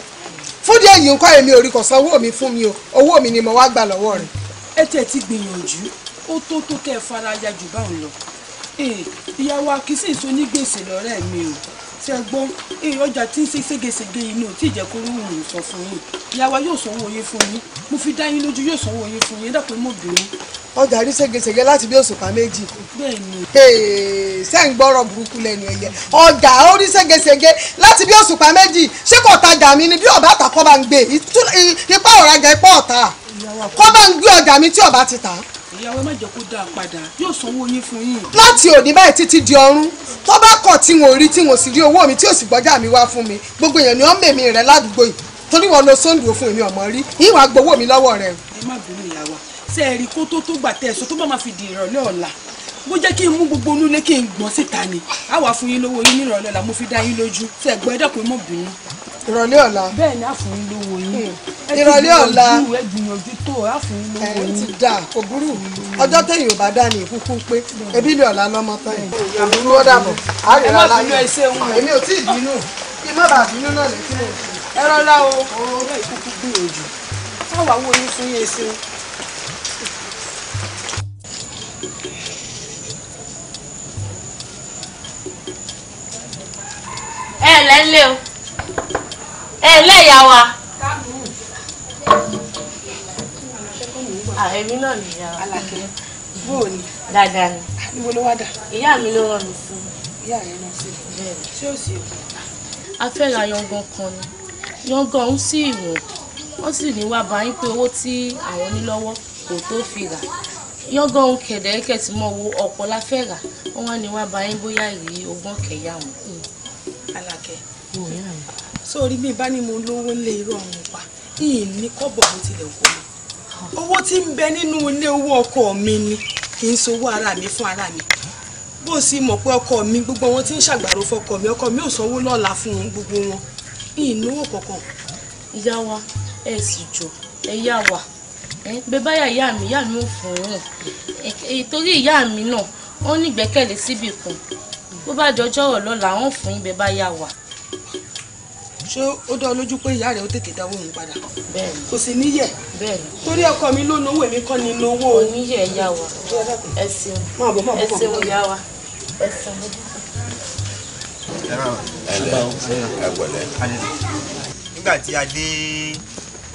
fúdí èyí nǹkan èmi ò kò san mi fún mi o owó mi ni mo wá gbà lọ́wọ́ rẹ̀. ẹ tẹ̀ ti gbìyànjú ó tó tó kẹ́ ẹ fara ya jù báwọn lọ ìyàwó akínsìn tó ní gbèsè lọ́rẹ́ mi o ṣe gbọ́ ọjà tí ń ṣe ségesège inú tí ìjẹ́kúrú wù sọ fún yín ìyàwó yóò sanwó yín fún yín mo fi dá yín lójú yóò sanwó yín fún yín dàpọ̀ mọ́ bìnrin. ọjà rí ségesège láti bí òṣùpá méjì. bẹ́ẹ̀ni. ṣé ń gbọ́rọ̀ burúkú lẹ́nu ẹ̀yẹ ọjà ó rí ségesège láti bí òṣùpá méjì ṣé kò tajà mi ni bí ọba àtàkọ́ bá ń gbé ipá ọ̀rajà ipá ọ̀tá kọ́ bá ń gbé ọjà mi tí ọba ti tà á ìyàwó ẹ má jẹ́ kó dáa padà yóò sanwó yín fún yín. láti òní báyìí títí di ọ̀run tó bá kọ̀ tí wọn ò rí tí wọn ò sì rí owó mi tí ò sì gbọ́jà mi wá fún mi gbogbo èèyàn ni wọ́n mèmí rẹ̀ ládùúgbò yìí torí wọn lo sóńdù fún èmi ọmọ rí ìwà gbowó mi lọ́wọ́ rẹ̀. ẹ má bínú ìyàwó ṣe é rí kó tó tó gbà tẹ̀sán tó bá máa fi di ìrọ̀lẹ́ ọ̀la bó jẹ́ kí n mú gbogbo onúlé kí n gbọ́n síta ni á wà fún yín lówó yín nírọ̀lẹ́ la mo fi dá yín lójú ṣe ẹ̀gbọ́n ẹ̀dẹ́kùn mọ̀ bínú ìrọ̀lẹ́ ọ̀la. bẹ́ẹ̀ ni àfún yín lówó yín. Hmm. ìrọ̀lẹ́ ọ̀la ẹ gbìyànjú tó àfún yín lówó yín. ẹ ti dà kò burú ọjọ́ téèyàn bá dá ní ìkúkú pé ebi ni ọ̀la lọ́mọ tán yìí. kò burú ó dàbọ̀ àríra láyé èmi ò tí ì bínú kí má bàa bínú náà lẹ́kí mò ẹ rọlá o ọ̀rọ̀ ìkúkú gbìyànjú táwa wo yín fún yín ṣe. ẹ lẹ́lẹ́ o ẹ lẹ́yà wa. Ah, èmi náà ní ìyá wa. alakẹ́ ni. wá dà. ìyá mi ló rán mi sí. ìyá rẹ̀ náà sí. ṣé o sì. a fẹ́ ra yangan kan ni yangan ń sí ìwọ̀n wọ́n sì ní wá báyìí pé owó tí àwọn ní lọ́wọ́ kò tó fi rà yọ́gọ́ ohun kẹ̀dẹ̀ẹ́kẹ̀ tí mo wo ọ̀pọ̀ la fẹ́ rà wọ́n wá ní wá báyìí bóyá ìrírí ọgbọ́n kẹ̀yà wọn. alákẹ́ sórí bí bá ní mo lówó lé irú ọ̀run pa yìí ní kọ́bọ̀ mo tilẹ̀ kó mi owó tí ń bẹ nínú ilé owó ọkọ mi ni kì í sowó ara mi fún ara mi bó sì mọ̀ pé ọkọ mi gbogbo wọn ti ń ṣàgbàrò fọkọ mi ọkọ mi ò sanwó lọ́la fún gbogbo wọn yìí náwó kankan. ìyá wa ẹ sì jọ ẹ yá wa bẹ báyà ìyá mi ìyá mi ò fún un torí ìyá mi náà ó ní ìgbẹ́kẹ̀lé síbì kan bó bá dọjọ́ ọ̀lọ́la wọ́n fún yín báyà wa ṣé ó dá ọ lójú pé ìyá rẹ ó tètè dáwọ́ òun padà bẹ́ẹ̀ni kò sì níyẹ̀ bẹ́ẹ̀ni torí ọkọ mi ló náwó èmi kọ́ ni náwó o níyẹ̀ ìyá wa ẹ ṣeun ẹ ṣeun ìyá wa ẹ ṣeun. nígbà tí a dé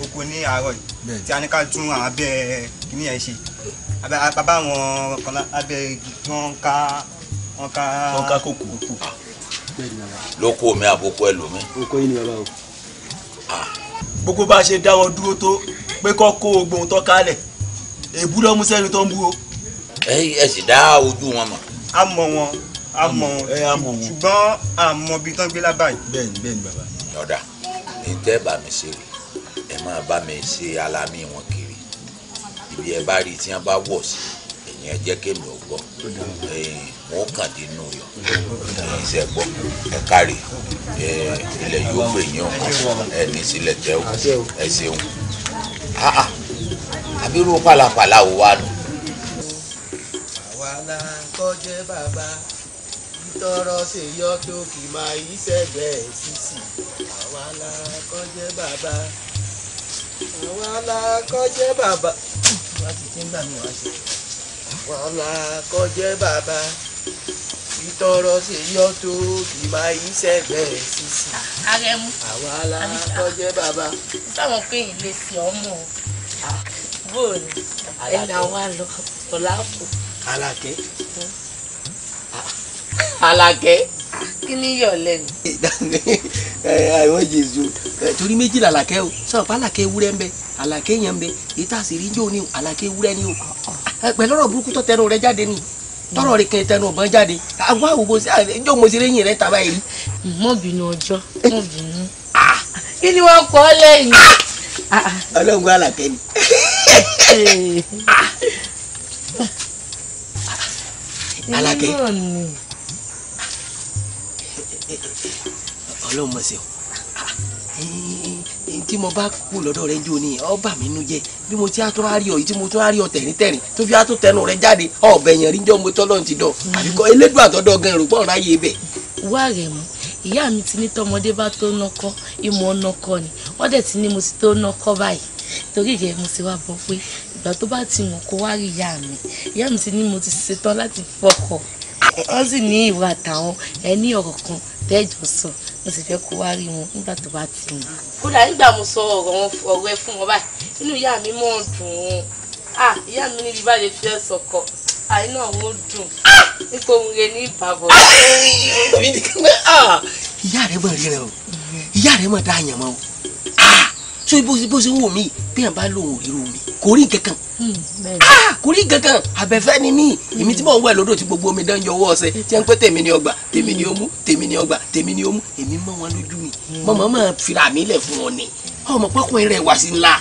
oko ní àárọ̀ tí a ní ká tún abẹ́ kìíní yẹn ṣe bàbá àwọn kan lábẹ́ wọ́n ká wọ́n ká kókò lóko mi àbókò ẹlòmí. oko yìí ni bàbá o. gbogbo bá a ṣe dáwọ́ dúró tó pé kọ́ kó ogbóhun tó kálẹ̀ èbú lọ́mú sẹ́ni tó ń bú o. ẹ ẹ sì dá ojú wọn mọ̀. a mọ wọn a mọ wọn ṣùgbọ́n a mọ ibi tán gbé lábàáyé. bẹ́ẹ̀ni bẹ́ẹ̀ni bàbá. ọ̀dà ní tẹ́ bá mi ṣe ẹ máa bá mi ṣe alámì wọn kiri ibi ẹ bá rí tí wọn bá wọ̀ sí ẹ̀yìn ẹ jẹ́ kémi ò gbọ́ wọ́n kàdé nù yọ ṣe gbọ́ ẹ kárí ẹ ilẹ̀ yóò gbè yín ọkàn ẹ ní sílẹ̀ tẹ́ o ẹ ṣeun ah, ah. àbírú pàlàpàlà ò wà nù. àwa la kọjẹ bàbá tọrọ ṣe yọ kí o kì máa yí sẹgbẹẹ sísì àwa la kọjẹ bàbá àwa la kọjẹ bàbá. wọ́n ti ti ń gbà mí wá sí àwa la kọjẹ bàbá tọrọ ṣe yọ tó kì í máa yí sẹgbẹ sísì. arẹmu àwa alákọjẹ bàbá. sáwọn pé ìlé sí ọmọ bóòlù ẹnà wa lọ ọláàpù. alakẹ hmm. alakẹ. kí ni yọ lẹ́nu. àwọn jésù torí méjìlá alakẹ o sáwọn pa alakẹ ewúrẹ́ ń bẹ alakẹ yẹn ń bẹ èyí tá a sì rí jọ ní ewúrẹ́ ni o pẹ̀lú ọ̀rọ̀ burúkú tó tẹnu rẹ̀ jáde ni tọrọ de kẹ tẹnu ọgbọn jáde àwọn àwòbó sí àlẹ njó mo sì rẹyìn rẹ tàbá yìí. mọ bínú ọjọ́ mọ bínú. Ah! kí ni wọn kọ lẹ́yìn. Ah! Ah, Ọlọ́run gba àlàkẹ ni. àlàkẹ eh, Ọlọ́run eh, eh, mọ sí o tí mo bá kú lọ́dọ̀ rẹ jó ni ọ bà mí nú jẹ́ bí mo ti á tún á rí ọ yìí tí mo tún á rí ọ tẹ̀rín tẹ̀rín tó fi á tún tẹnu rẹ jáde ọbẹ̀ yẹn rí jọ́ mo tọ́lọ́ ti dọ̀ àbíkọ́ elédùn àtọ́dọ̀ gan rò pọ́n ráyè bẹ̀. wá rẹ̀ mú ìyá mi ti ní tọmọdé bá tó nọkọ ìmọ̀ nọkọ ni wọ́n dẹ̀ ti ní mo ti tó nọkọ báyìí torí ìyẹn mo ti wá bọ pé ìgbà tó bá ti wọ̀n kó wá rí ìyá mi ìyá mi ti ní mo ti ṣetán láti fọkọ wọ́n sì ní ìwà àtàwọn ẹni ọ̀rọ̀ kan tẹ́jọ sọ mo sì fẹ́ kó wá rí wọn nígbà tó bá ti mú. kódà nígbà mo sọ ọ̀rọ̀ ọ̀rọ̀ ẹ fún wọn báyìí inú ìyá mi mọ̀ ń dùn ún ah ìyá mi níbi báyìí fi ẹ sọkọ àìní àwọn ò dùn nípa ohun rẹ ní ìbàbọ̀. Ah! Ah! ìyá rẹ mọ̀ rí rẹ o mm-hmm. ìyá rẹ mọ̀ dá àyàn o so bó ṣe bó ṣe wò mí bẹ́ẹ̀ bá lòun irú mi kò rí nkankan hmm, ah, kò rí nkankan abẹ́fẹ́ ni mí èmi tí mò ń wẹ̀ lódò tí gbogbo omi dán yọ ọwọ́ ọ̀sẹ̀ tí wọ́n pẹ́ tèmi ni ọgbà tèmi ni omu tèmi ni ọgbà tèmi ni omu èmi mọ wọn lójú mi mọ̀mọ́ máa fira mi lẹ̀ fún wọn ni ọmọ pọ́kùnrin rẹ̀ wá sí ńlá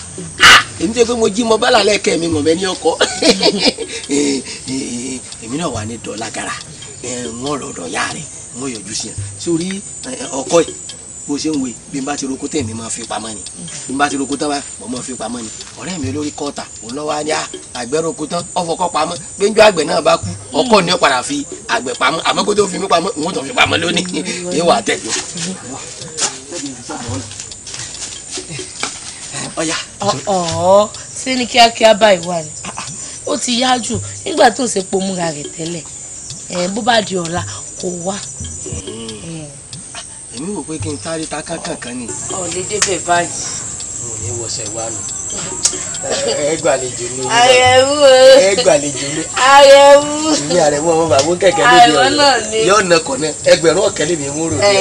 ah, èmi tó pé mo jí mo bálà lẹ́ẹ̀kẹ́ mi mọ̀ bẹ́ẹ̀ ní ọkọ eh, eh, èmi náà wà ní dọ́lágara eh, wọn rọ̀ọ̀dọ̀ yá rẹ̀ mo yọjú sí bó ṣe ń wé bí n bá ti roko tèmi máa fi pamọ́ ni bí n bá ti roko tán bá mo máa fi pamọ́ ni ọ̀rẹ́ mi olórí kọ́ta òun lọ́wọ́ á ní ah, àgbẹ̀ roko tán ọ̀fọ̀kọ́ pamọ́ gbẹ́njú àgbẹ̀ náà bá kú ọkọ ní ọ̀padà fi àgbẹ̀ pamọ́ àmọ́ kó tó fi mí pamọ́ òun tó fi pamọ́ lónìí ìwà tẹ̀lé. ọ̀ya. ọ̀ọ́ sí ní kíákíá báyìí wà ní ah, ah, ó ti yá jù nígbà tó ń ṣe pomúra rẹ̀ tẹ́lẹ̀ bó bá di ọ̀la kò wá. Hmm èmi wò pé kí n sáré ta kankan kan ni. ọ̀ lè débẹ̀ báyìí. mo ní wọṣẹ wa nù ẹgbàlejò ní ẹgbàlejò ní ní àrẹwọ ọmọ bàbá kẹkẹ lóde ọ yọ ọ̀nà kọ̀nà ẹgbẹ̀rún ọ̀kẹ́lẹ́ mi wúrò ní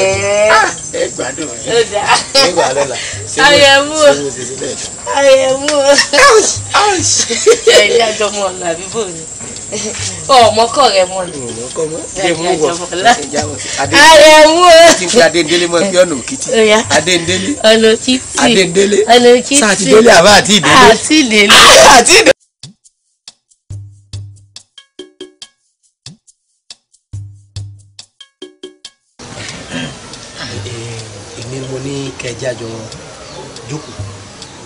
ẹgbàdùn ah! ẹgbà lọ́la àyẹ̀wò àyẹ̀wò ẹ̀yìn àjọmọ̀ ọ̀nà àbíbò ni ọmọ oh, kọ rẹ mọ ni. Oh, ọmọ kọ mọ jẹmu wọ ààrẹ mú o. Ah, kí n fi adéǹdélé mọ fi ọ̀nà òkìtì oh, adéǹdélé ọ̀nà òkìtì adéǹdélé ọ̀nà òkìtì sátidélé àbá àti ìdélé ah, àti ìdélé ah, àti ìdélé. èmi mo ní kẹjá jọ jókòó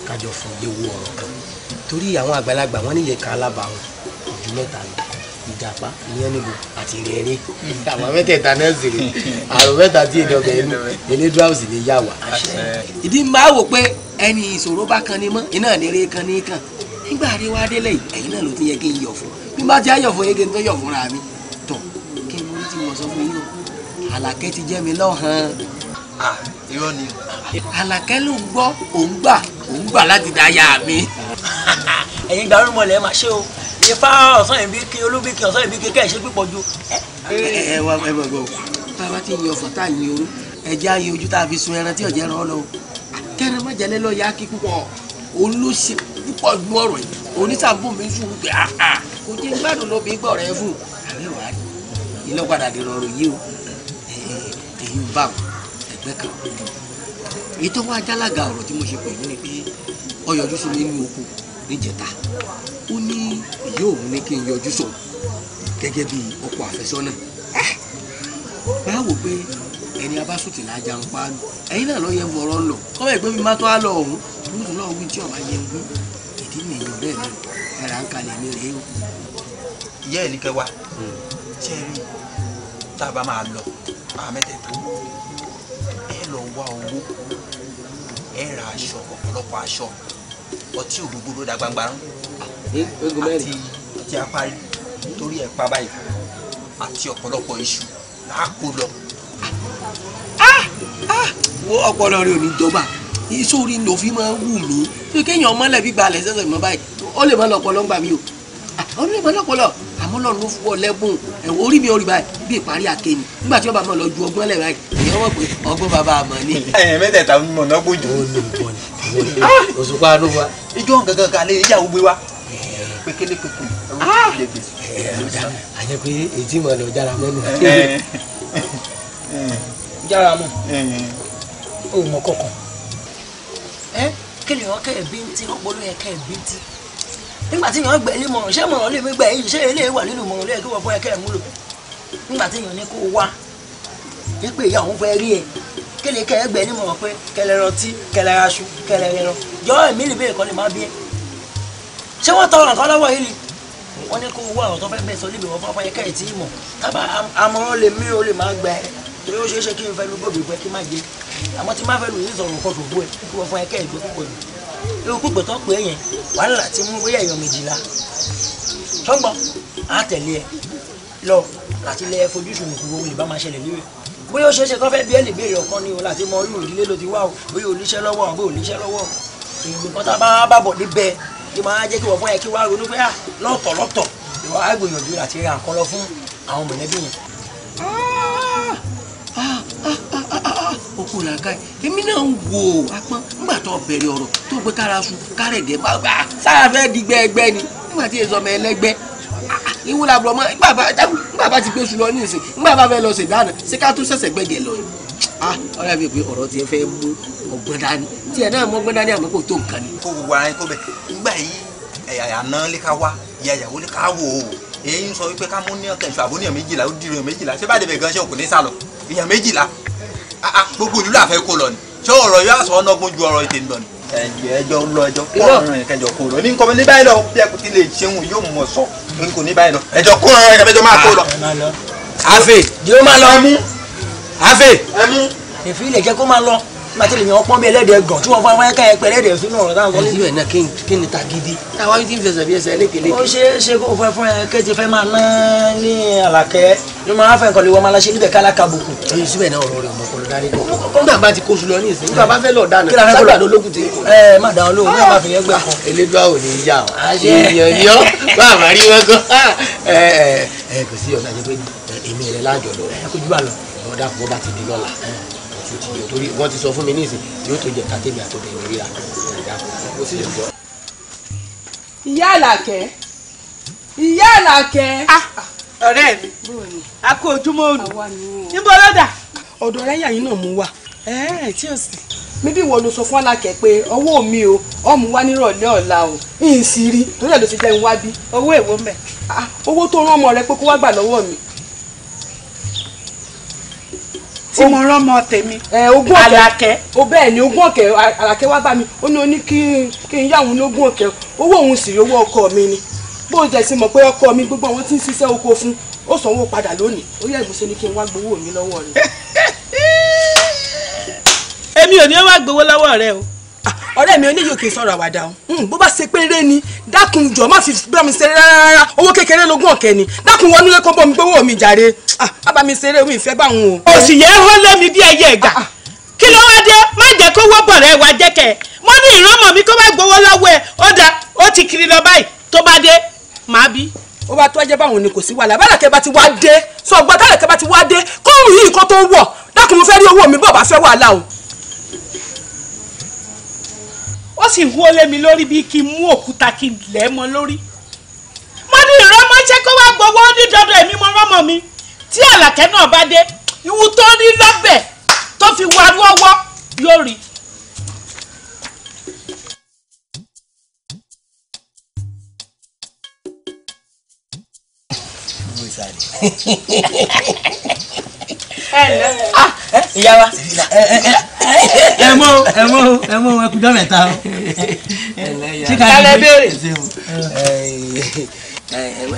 kájọ fún yẹwò ọ̀rọ̀ kan torí àwọn àgbàlagbà wọn níyẹn ká alábàáwọn ju mẹ́ta lọ ìjàpá ìyẹn àti ìrẹ̀rẹ̀ àwọn mẹ́tẹ̀ẹ̀ta náà sì àrùn mẹ́ta tí èdè ọbẹ̀ inú elédùn àwòsì lè yà wá. ìdí máa wò pé ẹni ìṣòro bá kan ni mọ́ iná ìlérè kan ní kan nígbà rí wá yìí ẹ̀yin náà ló ti yẹ kí n yọ̀ fún bí má ti á fún yẹ kí n tó yọ̀ fúnra mi tọ̀ kí n mú tí mo sọ fún yín o àlàkẹ́ ti jẹ́ mi lọ́hàn. Ah, irọ́ ló ń gbọ́ òun gbà òun gbà láti dá yà mí. ẹ̀yin gbàrúmọ̀lẹ́ máa ṣe o ifá ọ̀sán ìbí kí olúbí kí ọ̀sán ìbí kí kẹ́ ẹ̀ ṣe pípọ̀ ju. ẹ ẹ wá ẹ bọ̀ bọ̀ tá a bá ti yan ọ̀fọ̀ tá a yan orú ẹja yẹ ojú tá a fi sun ẹran tí ọ̀jẹ̀ ràn ọ́ lọ kẹrin má jẹlẹ lọ yá kí púpọ̀ òun ló ṣe púpọ̀ ju ọ̀rọ̀ yìí onítàbùn mi sùn pé ah, ah, kò jẹ́ gbádùn lọ bí gbọ̀ rẹ fún àbẹ́ wàá rí iná padà dé rọrùn yìí o èyí ń bá wọn ẹgbẹ́ kan èyí tó wá jálàgà ọ̀rọ̀ tí mo ṣe pẹ̀lú ni pé ọyọ̀jú sùn mi nínú oko níjẹta yóò mú ní kí n yọjú sọ gẹ́gẹ́ bí ọkọ àfẹ́sọ́nà eh! báwo pé ẹni abásùtì lájà ń pa lù ẹ̀yin náà lọ yẹ ń fọ̀rọ̀ lọ kọ́mọ̀ ẹ̀gbẹ́ mi má tó á lọ ọ̀hún lóòótọ́ náà wí tí ọ̀bá yẹ ń wí ìdí mi èèyàn bẹ́ẹ̀ mi ẹ̀rà ń kalẹ̀ mi rèé o. ìyá ẹ̀ ní kẹwa hmm. ṣe rí tá máa lọ àwọn ẹ lọ wá owó ẹ ra aṣọ ọ̀pọ̀lọpọ̀ aṣọ ọtí òdòdó dàgbàgbà rán àti tí a parí torí ẹ̀ pa báyìí àti ọ̀pọ̀lọpọ̀ iṣu náà kó lọ. wo ọpọlọ rẹ ò ní jọba sórí ló fi máa ń wù mí tó kéèyàn mọ́lẹ̀ bí balẹ̀ sẹ́sẹ̀ mọ́ báyìí ó lè má lọ́pọlọ ń gbà mí o ó lè má lọ́pọlọ àmọ́ lọ́run ló fọwọ́ lẹ́bùn ẹ̀wọ̀n orí mi orí báyìí bí ìparí àké ni nígbà tí wọ́n bá mọ̀ lọ ju ọgbọ́n lẹ̀ báyìí èèyàn mọ̀ pé ọgbọ́n bàbá àmọ́ ni. ẹ̀yin mẹ́tẹ̀ẹ̀ta mọ̀ náà gbójú. òṣùpá ló wa. ijó nǹkan kan kan lè yíyàwó gbé wa pékélé pékú ẹrú tó yẹ gbèsè. àyẹ pé èjì mọ̀ lọ jára mẹ́nu. jára mọ̀ o mọ̀ kọ̀kan. ẹ kéde ọkẹ ẹbí ntí ọpọlọ yẹ kẹ ẹbí ntí nígbà tí yàn gbẹ ilé mọ̀ràn ṣé mọ̀ràn lè mi gbẹ yìí ṣé ilé wà nínú mọ̀ràn lẹ́yìn kí wọ́n fọ́ yẹ kẹ ẹ múlò nígbà tí yàn ní kó wá wípé ìyá òun fẹ́ rí ẹ kéde kẹ ẹ gbẹ ní mọ̀ràn pé kẹlẹ rántí kẹlẹ aṣọ kẹlẹ rẹran jọ ẹ̀mí lè bẹ́ẹ̀ kọ́ ni má bí ẹ ṣé wọ́n tọrọ nǹkan lọ́wọ́ yìí ni wọ́n ní kó owó àwọn tó fẹ́ bẹ̀ sọ níbi wọn fọ́fọ́ yẹ káyìí tí ì mọ̀ tábà amọ̀ràn lè mí o lè máa gbà ẹ́ torí ó ṣeé ṣe kí n fẹ́ lu bòbí pẹ́ kí má jẹ àmọ́ tí má fẹ́ lu yìí sọ̀rọ̀ nǹkan tó gbó ẹ̀ kí wọ́n fọ́ yẹ káyìí gbé púpọ̀ jù ewu púpọ̀ tó pé yẹn wàhálà ti mú bóyá èèyàn méjìlá ṣọ́gbọ́n á tẹ̀lé ẹ lọ láti lẹ fojú sùn nìkú owó ìbá máa ṣẹlẹ̀ lérè bóyá ó ṣeé ṣe kán fẹ́ bí ẹ lè béèrè ọ̀kan ni o láti mọ orí òdílé ló ti wá o bóyá oníṣẹ́ lọ́wọ́ àbó oníṣẹ́ lọ́wọ́ ìgbìmọ̀ tá a bá bàbọ̀ níbẹ̀ kí máa jẹ́ kí wọ́n fún ẹ kí wá ronú pé ah, lọ́tọ̀ lọ́tọ̀ ìwà àgbòyànjú àti ra nǹkan lọ fún àwọn mọ̀lẹ́bí yẹn. òkú làákà yìí èmi náà ń wo apọ́n nígbà tó bẹ̀rẹ̀ ọ̀rọ̀ tó gbé kára sun kárẹ̀dẹ̀ bá gbà ah, sára fẹ́ di gbẹ́gbẹ́ ni nígbà tí èso ọmọ ẹlẹ́gbẹ́ ah, ìwúlà bùrọ̀ mọ́ nígbà bá ti gbé sùn lọ ní ìsìn nígbà bá fẹ́ lọ sèdánù sí ká tún ṣẹ̀ṣẹ̀ gbẹ̀gẹ̀ lọ yìí ah ọ̀rẹ́ mi pé ọ̀rọ̀ tiẹ̀ fẹ́ mú ọgbọ́n dání tiẹ̀ náà mú ọgbọ́n dání àmọ́ kò tó nǹkan ni. kó gbogbo ara yín kó bẹ nígbà yìí àná lè ká wá ìyá ìyàwó lè ká wò ó èyí ń sọ wípé ká mú ní ọ̀kẹ́ ìṣù àbóníyàn méjìlá ó dìrò méjìlá ṣé bá débẹ̀ gan ṣé òkú ní sálọ èèyàn méjìlá ah, ah, gbogbo ìlú làfẹ́ kó lọ ni ṣé ọ̀rọ̀ yóò àṣọ ọ̀nàgún ju ọ̀rọ̀ ìtẹ̀ ń ẹjọ lọ ẹjọ kó ọrùn rẹ kẹjọ kó lọ ní nǹkan ní báyìí lọ bí ẹkùn lè ṣeun yóò mọ sọ n kò ní báyìí lọ ẹjọ kó ọrùn rẹ kẹjọ máa kó lọ. àfẹ yóò máa lọ mú àfẹ. ẹmí. èfi ilẹ̀ jẹ́ kó máa lọ nígbà tí ènìyàn pọ́n bí ẹlẹ́dẹ̀ẹ́ gàn tí wọ́n fọ́n wáyé káyẹ pẹ̀lẹ́ ẹ̀dẹ̀ sínú ọ̀rọ̀ táwọn fọ́lẹ́. ẹ̀sìn náà kí ni ta gidi. táwa yìí ti ń fẹsẹ̀ bí ẹsẹ̀ lékeleke. ó ṣe é ṣe kó fẹ́ fún ẹ kéde fẹ́ máa ná ní àlàkẹ́ ló máa fẹ́ nǹkan lè wọ́n máa láṣẹ níbẹ̀ kálákà bùkù. oye síbẹ̀ náà ọ̀rọ̀ rẹ̀ ọmọkùnrin dàpọ̀ bá ti di lọ́la ọ̀tún ti di torí wọ́n ti sọ fún mi ní ìsìn tí ó tó jẹ kàtẹ́bí àtọ́bẹ̀ ní ríra ìyá àlàkẹ́ ìyá àlàkẹ́. Ah, ọ̀rẹ́ mi a kó ojúmọ́ òní níbo ló dà. ọ̀dọ̀ ọ̀rẹ́yà yìí náà mú wa tí o sì. níbí wo ló sọ fún àlàkẹ́ pé ọwọ́ mi o ọmú wa nírọ̀lẹ́ ọ̀la o ìsírí lórí ẹ̀ ló ti jẹ́ wá bí. owó èwo mẹ́. Ah, owó tó rán ọmọ rẹ pé kó wá gbà lọ́wọ́ mi. tí mo rán ọmọ tèmi Àlàkẹ́. o bẹ́ẹ̀ ni ogún ọ̀kẹ́ Àlàkẹ́ wá bá mi ó ní oní kí n yá òun lógún ọ̀kẹ́ owó òun sì rí owó ọkọ mi ni bó jẹ́ sí mọ̀ pé ọkọ mi gbogbo àwọn tí ń ṣiṣẹ́ oko fún ó sanwó padà lónìí ó yẹ ìmúṣe ni kí n wá gbowó mi lọ́wọ́ rẹ̀. èmi ò ní wá gbowó lọ́wọ́ rẹ o ọ̀rẹ́ mi oníyìí kì í sọ̀rọ̀ àwàdà o hmm, bó bá ṣe pé ré ni dákun jọ̀ má fi bá mi ṣe rárá owó kékeré lógún ọ̀kẹ́ ni dákun wọnú lẹ́kọ̀ọ́ bọ́ mi gbowó mi jàre. Ah, ah, bá mi ṣeré mi ìfẹ́ báwọn o. òsì yẹn hó lémi bí ẹyẹ ẹ̀gà ah, kí ló wá dé má jẹ́ kó wọ́ bọ̀rẹ̀ wa jẹ́kẹ̀ mo ní ìrànmọ̀ mi kó bá gbowó lọ́wọ́ ẹ̀ ó da ó ti kiri lọ báyìí tó bá dé màá bí. ó bá tó ẹjẹ báwọn ni kò sí wàhálà bàlà tẹ bá ti wá dé sọ ọgbà tálẹ tẹ bá ti wá dé kóòrùn yìí kan tó wọ dákun mo fẹ́ rí owó mi bọ̀ bá fẹ́ wàhálà o. ó sì hu olé mi lórí bí kí n mú òkúta kí n lẹ́ mọ lórí mo ní ìrànmọ́ jẹ́ kó wá gbowó ní dọ́dọ̀ èmi mo rọ́mọ mi tí àlàkẹ́ náà bá dé ìwú tó ní lọ́bẹ̀ tó fi warú ọwọ́ yóò rí. ìyá wa ẹ mọ ẹ mọ ẹ mọ ẹ kú dọ́rẹ̀ ta o ṣíkàlẹ̀ béèrè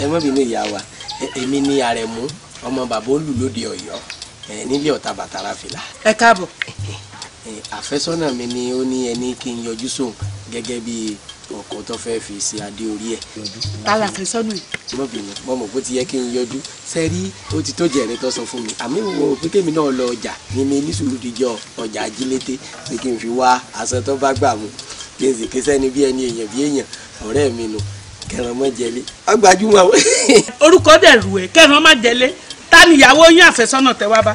ẹ mọ bí mi ìyá wa èmi ni àrẹ̀mú ọmọ bàbá olù lóde Ọ̀yọ́ nílé ọ̀tá bàtàrà fìlà. ẹ káàbọ̀. àfẹ́sọ́nà mi ni ó ní ẹni kí n yọjú sóun gẹ́gẹ́ bí ọkọ tó fẹ́ fi ṣe adé orí ẹ̀. tálà àfẹ́sọ́nà yìí. mo bìnrin mo mọ̀ bó ti yẹ kí n yọjú sẹ́rí ó ti tó jẹ̀rẹ̀ tó sọ fún mi àmì wo pékèmí náà lọ ọjà ni mi ní sùúrù díjọ ọjà ajílété pé kí n fi wá aṣọ tó bá gbà mú kí n sì kí sẹ́ni bí ẹni èèyàn bí èèyàn ọ̀rẹ́ mi nù. No kẹran mọ jẹlé agbájúmọ. orúkọ dẹ̀ rù ẹ́ kẹran má jẹlé ta níyàwó yín àfẹ́sọ́nà tẹ́ wá bá.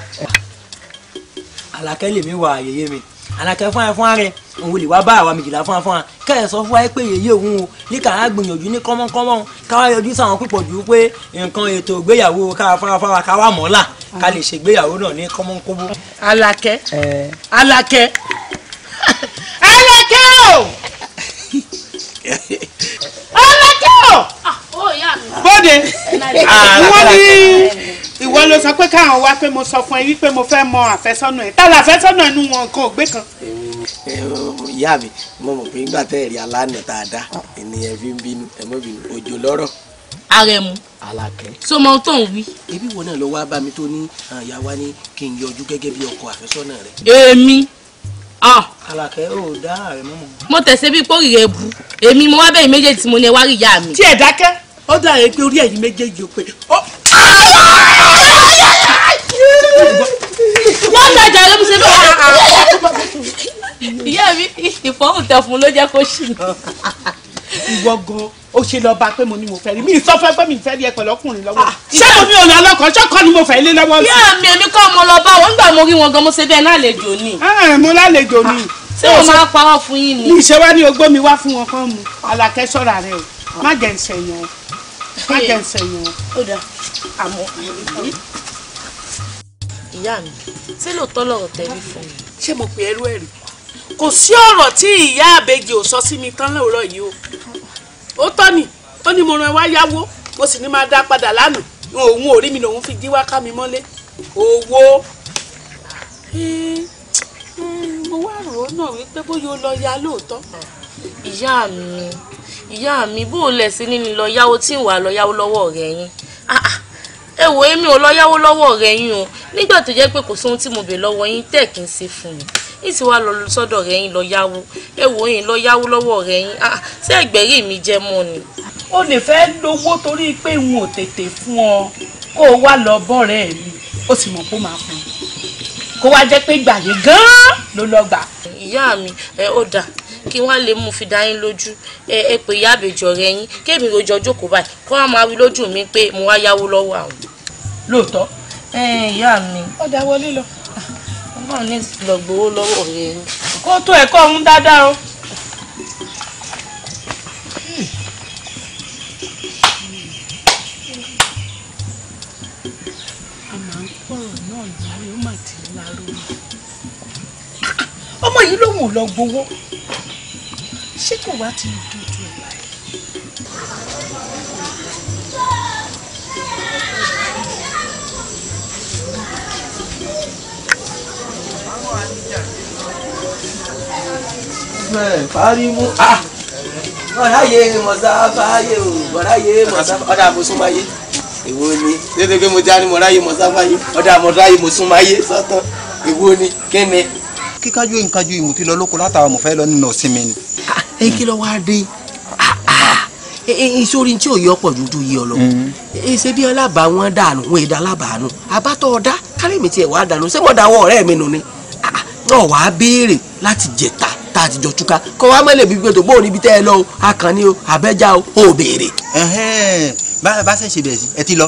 Àlàkẹ́ lèmi wà àyèyé mi Àlàkẹ́ fún ẹ fún ààrẹ òun lè wá bá àwa méjìlá fún afọ́n kẹ́ẹ̀ sọ fún wa pé èyí òun o ní ká a gbìyànjú ní kọ́mọ́kọ́mọ́ káwá yọjú sáwọn púpọ̀ jù pé nǹkan ètò ìgbéyàwó káwá fáwáfáwá káwá mọ́là ká lè ṣe ìgbéyàwó náà ní kọ́mọ́kọ́mọ́. Àlàkẹ́ Àlàkẹ́ Àlàkẹ́ o. bóde wọ́n ní ìwọ ló sọ pé káwọn wá pé mo sọ fún ẹ wípé mo fẹ́ mọ àfẹ́sọ́nà ẹ tálà àfẹ́sọ́nà inú wọn nǹkan ògbé kan. ìyá mi mo mọ̀ pé nígbà tẹ́ ẹ̀rí alánà dáadáa ènìyàn fi ń bínú ẹ̀ mọ́ bínú òjò lọ́rọ̀. Arẹ̀mú Àlàkẹ́ so mọ tó ń wí. ebi wo náà ló wá bá mi tó ní àyàwá ah, ní kí n yọjú gẹ́gẹ́ bí ọkọ àfẹ́sọ́nà rẹ. èmi Àlàkẹ́ ah. ò dá Àrẹ̀mú mọ̀. mo tẹ̀sẹ̀ bí pórìrẹ̀ bu èmi mo wá bẹ́ẹ̀ méjèèjì tí mo ní ẹ wá rí ìyá mi. tí ẹ dákẹ́ ó dà yẹn pé orí ẹ̀yin méjèèjì ó pé ó. wọ́n tajà ló ń ṣe bí ìyá mi ìfọ̀hùntẹ̀ fún ló jẹ́ kó ṣìnà. ìwọ gan ó ṣe lọ bá pé mo ní mo fẹ́ rí mi sọ fún pé mi fẹ́ rí ẹ pẹ̀lú ọkùnrin lọ́wọ́ ah, ṣé mo ní ọ̀nà ọlọ́kọ̀ ṣọ́kọ́ ni mo fẹ́ lé lọ́wọ́ mi. mi èmi kọ́ mo lọ bá wọn nígbà mo rí wọn gan mo ṣe bẹ́ẹ̀ lálejò ni. Ah, mo lálejò ni. ṣé o máa parọ́ fún yín ni. mi ìṣe wá ní ogbó mi wá fún wọn kán mu Àlàkẹ́ rẹ o má jẹ́ ìṣẹ̀yàn o má jẹ́ nsẹ̀yìn o àmọ́ ìyá mi ṣé lóòótọ́ lọ̀rọ̀ tẹ̀lé fún mi. ṣé mo pè ẹrú ẹ̀rí kò sí ọ̀rọ̀ tí ìyá àbejì ò sọ sí mi tán lóòrọ̀ yìí o ó tọ́ ni ó ní mo ràn wá yáwó mo sì ní máa dá padà lánàá òun ò rí mi lòun fi jí wá ká mi mọ́lé owó mo wá rò ó náà wípé bóyá ó lọ ya lóòótọ́. ìyá mi ìyá mi bó o lẹ̀ sí nínú lọ yáwó tí ń wà lọ yáwó lọ́wọ́ ọ̀rẹ́ yín ah, ah. ẹ wò èmi ò lọ yáwó lọ́wọ́ ọ̀rẹ́ yín o nígbà tó jẹ́ pé kò sóhun tí mo bè lọ́wọ́ yín tẹ̀ kí n fún mi yín sì wá lọ sọ́dọ̀ ọ̀rẹ́ yín lọ yáwó ẹ wò yín lọ yáwó lọ́wọ́ ọ̀rẹ́ yín ah, ṣé ẹgbẹ̀rí mi jẹ́ mọ́ ni. o lè fẹ́ lówó torí pé n ò tètè fún ọ kó o wá lọ bọ́ọ̀rẹ́ mi ó sì mọ̀ kó máa fún un kó wá jẹ́ pé gbàyè gan-an ló lọ gbà. ìyá mi ẹ ó dáa kí wọ́n lè mú fi dá yín lójú ẹ ẹ pé ìyá àbèjọ rẹ yín kémi rojọ jókòó báyìí kó wọ́n máa wí lójú mi pé mo wá yáwó lọ́wọ́ àwọn. lóòótọ́ ìyá mi. ó dá wọlé lọ. ọgbọ́n ní lọ gbowó lọ́wọ́ rẹ. kó tó ẹ̀kọ́ ọ̀hún dáadáa o. ọmọ yìí lòun ò lọ gbowó ṣé kò wá ti dúdú ẹ̀ báyìí. farimu ah ọ̀rá yé mọ̀sáfá yé o ọ̀rá yé mọ̀sáfá ọ̀dà mo sún máyé èwo ni dédé pé mo já ní mọ̀rá yé mọ̀sáfá yé ọ̀dà mọ̀rá yé mo sún máyé ni kíni. kíkájú nǹkan ju lọ lóko látara mọ̀fẹ́ lọ nínú ọ̀sìn mi ni ẹ kí ló wá dé ìṣòrí ah, ah. tí ò yọ pọ̀ dúdú yìí ọ lọ mm-hmm. ṣe bí ọlábà wọn dànù wọn èdè alábàánù àbátọ ọdá kárẹ̀mí tiẹ̀ wàá dànù ṣé wọ́n dáwọ́ ọ̀rẹ́ mi nù ni náà ah, wàá béèrè láti jẹta tá a ti jọ túká kọ́ wa mọ́lẹ̀ bíi gbèdò bóun níbi tẹ́ ẹ lọ o akànni o àbẹ́já o ò béèrè. bá a ṣe ṣe bẹ̀rẹ̀ sí ẹ ti lọ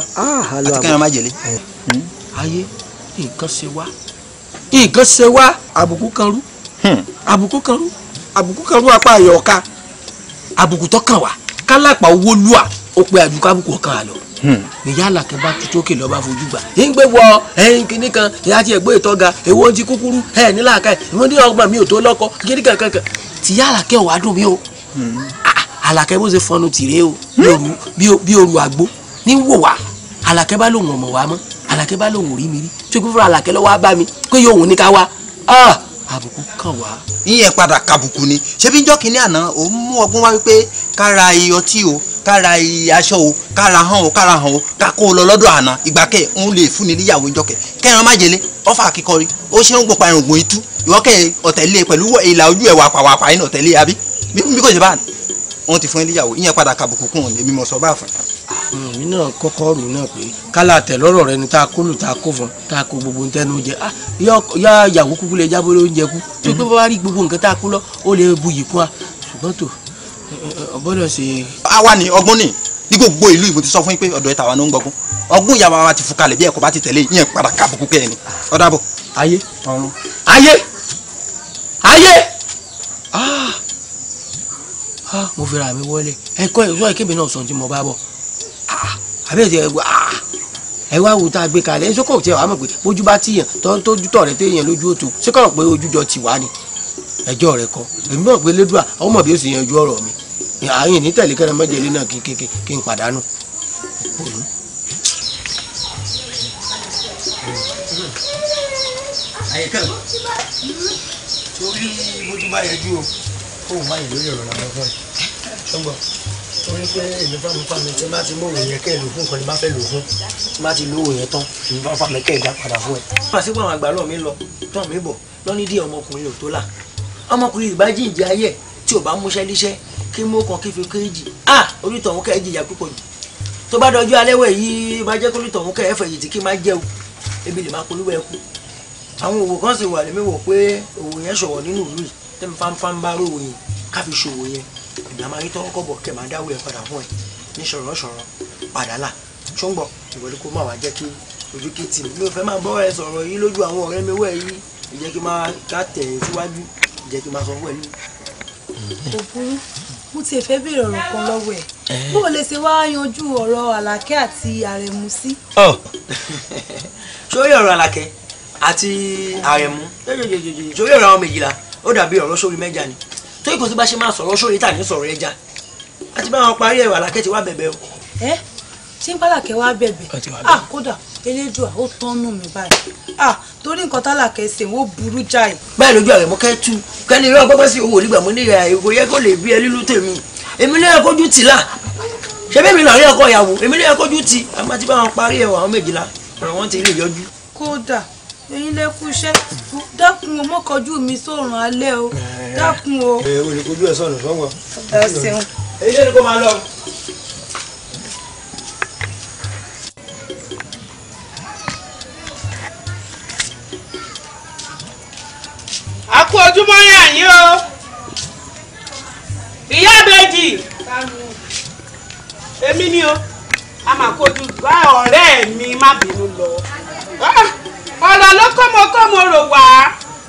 àti kẹ́hìn má jẹ̀lé. Hmm? ayé nǹkan ṣe wá nǹkan ṣe wá àbùkù kan rú hmm. àbùkù kan rú àbùkù kan ló wà pa àyọ̀ ọ̀ka. àbùkù tó kàn wá kálápà owó lúà ó pe àdúgbò àbùkù ọ̀kan àlọ́ ìyáàlà hmm. kan bá tutù òkè lọ́ba fojú gbà yín gbé wọ ẹyin kìíní kan ìyá tí ẹgbẹ́ ìtọ́ga èwo ti kúkúrú ẹ nílàáká ẹ ìwọ́n ní ọgbà mi ò tó lọ́kọ kìíní kankan kan tí yáàlà kẹ́ wàá dùn mí o hmm. ah, àlàkẹ́ bó ṣe fọnu tìrẹ o bí oru hmm. àgbo ní wò wá àlàkẹ́ bá lòun ọmọ wa mọ́ àlàkẹ́ bá lòun rí mi rí tó kí fúnra àlàkẹ́ lọ́wọ́ á bá mi pé yóò wò ní ká wá ah! àbùkù kàn wá. ìyẹn padà kàbùkù ni ṣebí njọ́ kínní àná ò ń mú ọgbọ́n wá wípé kára ọtí o kára aṣọ o kára hàn o kára hàn o ká o lọ lọ́dọ̀ àná ìgbà kẹ́ ń lè fún ni níyàwó njọ́kẹ́ kẹ́ran májèlé ọ̀fà akíkọrí ó ṣe ń gbọ́ pa irùngbọ̀n itú ìwọ́kẹ́ ọ̀tẹ̀lé pẹ̀lú ìlà ojú ẹ̀ wàpàwàpà iná ọ̀tẹ̀lé àbí bí kò ṣe bá wọn ti fún ẹ níyàwó ìyẹn padà kàbùkù kún un Hmm, mi náà kọ́kọ́ rò náà pé kálá àtẹ̀lọ́rọ̀ rẹ ni tá a kó lù tá a kó fún tá a kó gbogbo ń tẹnu jẹ ah, yá yàwó kúkú lè jábọ́ lóúnjẹ kú tó gbé bá rí gbogbo nǹkan tá a kó lọ ó lè bu yìí fún wa ṣùgbọ́n tó ọgbọ́dọ̀ ṣe. àwa ni ọgbọ́n ni ní gbogbo ìlú ìbò ti sọ fún yín pé ọ̀dọ̀ ìtàwọn ló ń gbọ́gbọ́n ọgbọ́n ìyá wa ti fúkalẹ̀ bí ẹ̀kọ́ bá ti tẹ̀lé yín padà kábùkù kẹ́ ẹ̀ ni ọ̀dàbọ̀. ayé ayé ayé ah. ah, mo fẹ́ra mi wọlé ẹ̀kọ́ ìṣọ́ ìkébì náà sọ àbẹ̀tẹ̀ ẹ̀ ah, ẹ wá wo tá a gbé kalẹ̀ ẹ sọ́kọ̀ tí ẹ wàá mọ̀ pé bójú bá tíyàn tójú tọ̀ rẹ téèyàn lójú òtún sọ́kọ̀ pé ojújọ ti wá ni ẹjọ́ rẹ kọ èmi mọ̀ pé lẹ́dùà ọmọ bí ó sì yanjú ọ̀rọ̀ mi àyìn ní tẹ̀lé kẹrẹ mọ́jẹ̀lé náà kí kí n pàdánù. àyíká torí bójú bá yẹjú o kó o má yẹ lórí ọ̀rọ̀ làwọn fún ẹ torí pé èmi fáwọn fáwọn tí bá ti lówó yẹn kẹ́ ẹ̀ lò fún nǹkan ni bá fẹ́ lò fún tí bá ti lówó yẹn tán èmi fáwọn fáwọn kẹ́ ẹ̀ dá padà fún ẹ. pàṣẹ pé àwọn àgbàlọ́ mi lọ tán mi bọ̀ lọ́ní díẹ̀ ọmọkùnrin ò tó là ọmọkùnrin ìbá jíǹde ayé tí ò bá múṣẹ́ líṣẹ́ kí mú kan kí fi kéjì à orítọ̀ òun kẹ́ ẹ jìyà púpọ̀ jù tó bá dọjọ́ alẹ́ wẹ̀ yìí má jẹ́ kó orítọ̀ kẹ́ o ebi lè má polówó ẹ kú àwọn òwò kan sì wà lẹ́mí wò pé òwò yẹn ṣọ̀wọ̀ nínú ìlú yìí tẹ́mi fáńfáń bá rówó yẹn ká fi ṣòwò màmá yìí tọwọ́ kọ̀bọ̀ kẹ̀ máa dáwọ́ ẹ̀ padà fún ẹ̀ ní sọ̀rọ̀ sọ̀rọ̀ padà là ṣùgbọ́n ìwọ ni kó máa wá jẹ́ kí ojú kí tì mí mi ò fẹ́ máa bọ́ ẹ sọ̀rọ̀ yìí lójú àwọn ọ̀rẹ́ mi wẹ̀ yìí ìjẹ́ kí máa ká tẹ̀ ẹ́ síwájú ìjẹ́ kí máa sọ wẹ̀ yìí. kò burú mo ti fẹ́ béèrè ọ̀rọ̀ kan lọ́wọ́ ẹ̀ bó o lè ṣe wá yanjú ọ̀rọ̀ àlàkẹ́ àti àrẹ̀mú sí. sórí ọ̀rọ̀ àlàkẹ́ àti àrẹ̀mú sórí ọ̀rọ̀ àwọn méjìlá ó dàbí ọ̀rọ̀ sórí mẹ́jà ni tó ìkòsí bá ṣe máa sọ̀rọ̀ sórí tà ní sọ̀rọ̀ ẹja a ti bá wọn parí ẹ̀wà làkẹ́ ti wá bẹ̀bẹ̀ o. ẹ tí ń pàlàkẹ́ wá bẹ̀bẹ̀ ah kódà elédùà ó tọ́nù mi báyìí ah torí nǹkan tálàkẹ́ ṣe wọ́n burú jáì. báyìí lójú àrẹ̀mọ kẹ́tù kẹ́ni ìrọ̀ gbọ́gbọ́ sí owó nígbà mo ní ìyá ìwò yẹ kó lè bí ẹ lílù tèmi èmi ní ẹ̀kọ́jú tì là ṣebí mi lọ́ọ̀rí ọkọ ìyàwó èmi ní ẹ̀kọ́jú tì àmọ́ ti bá wọn parí ẹ̀wà àwọn méjìlá ọ̀rọ̀ wọn ti rí ìyọjú. kódà ẹ̀yin lè kú iṣẹ́ dákun o mọ́ kọjú mi sóòrùn alẹ́ o dákun o. ẹ o lè ẹ sọnù sọgbọn. ẹ ṣeun. èyí ṣe ni kó máa lọ. a kú ojúmọ́ yà yín o ìyá ìbejì èmi ni o a máa kojú bá ọ̀rẹ́ mi má bínú lọ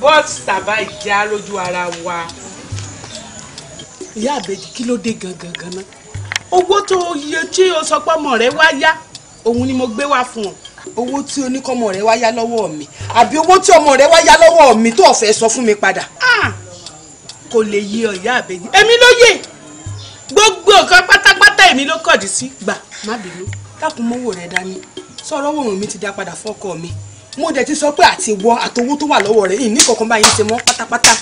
bọ́ọ̀sì tàbá ìjà lójú ara wa. ìyá àbèjì kí ló dé gangan ganan owó tó yẹ tí o sọ pé ọmọ rẹ wá yá òun ni mo gbé wá fún ọ owó tí oníkọ́mọ rẹ wá yá lọ́wọ́ mi àbí owó tí ọmọ rẹ wá yá lọ́wọ́ mi tó ọ̀fẹ́ sọ fún mi padà. kò lè yé ọ̀yá àbẹ̀yẹ èmi ló yé gbogbo nǹkan pátápátá èmi ló kọ̀dí sí gbà má bínú dákun mọ́wọ́ rẹ dání sọ̀rọ̀ wòrán mi ti dá padà fọ́kọ mi mo dẹ̀ ti sọ pé àti wọ àtowó tó wà lọ́wọ́ rẹ̀ ìní kankan báyìí ti mọ́ pátápátá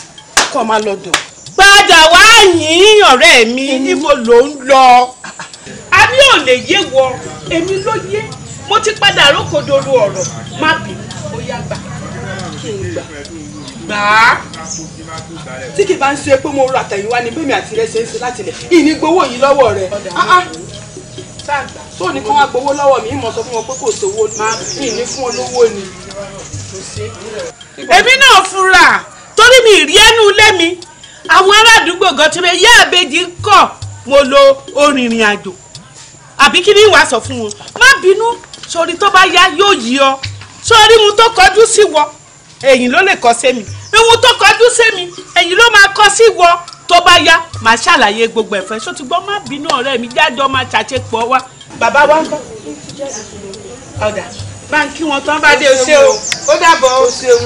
kọ́ máa lọ dùn. padà wá yín ọ̀rẹ́ mi níbo ló ń lọ. a ní ò lè yé wọ èmi ló yé mo ti padà rókòdoro ọ̀rọ̀ má bì ó yá gbà kí n gbà gbà á. tí kì bá ń ṣe pé mo rà tẹ̀yìnwá ni bẹ́ẹ̀ mi àti rẹ̀ ṣe ń ṣe láti lẹ̀ ìní gbowó yìí lọ́wọ́ rẹ̀ ṣàgbà tó ní kí wọ́n gbowó lọ́wọ́ mi ìmọ̀ sọ fún wọn pé kò sówó ní ìní fún olówó ni. èmi náà fura torí mi ìrí ẹnu ilé mi àwọn ará àdúgbò gan ti rẹ yá àbejì ń kọ mo lo orìnrìn àjò àbí kí ni ìwà sọ fún wọn má bínú sórí tó bá yá yóò yí ọ sórí mu tó kọjú sí wọ èyí ló lè kọ sí mi ewu tó kọjú sí mi èyí ló máa kọ sí wọ tó bá yá màá ṣàlàyé gbogbo ẹ̀fẹ́ ṣó ti gbọ́ má bínú ọ̀rẹ́ mi jájọ́ máa ṣàṣepọ̀ wa. bàbá wa ń bọ̀ ọ̀dà bá ń kí wọn tán bá dé o ṣé o ó dàbọ̀ o ṣé o.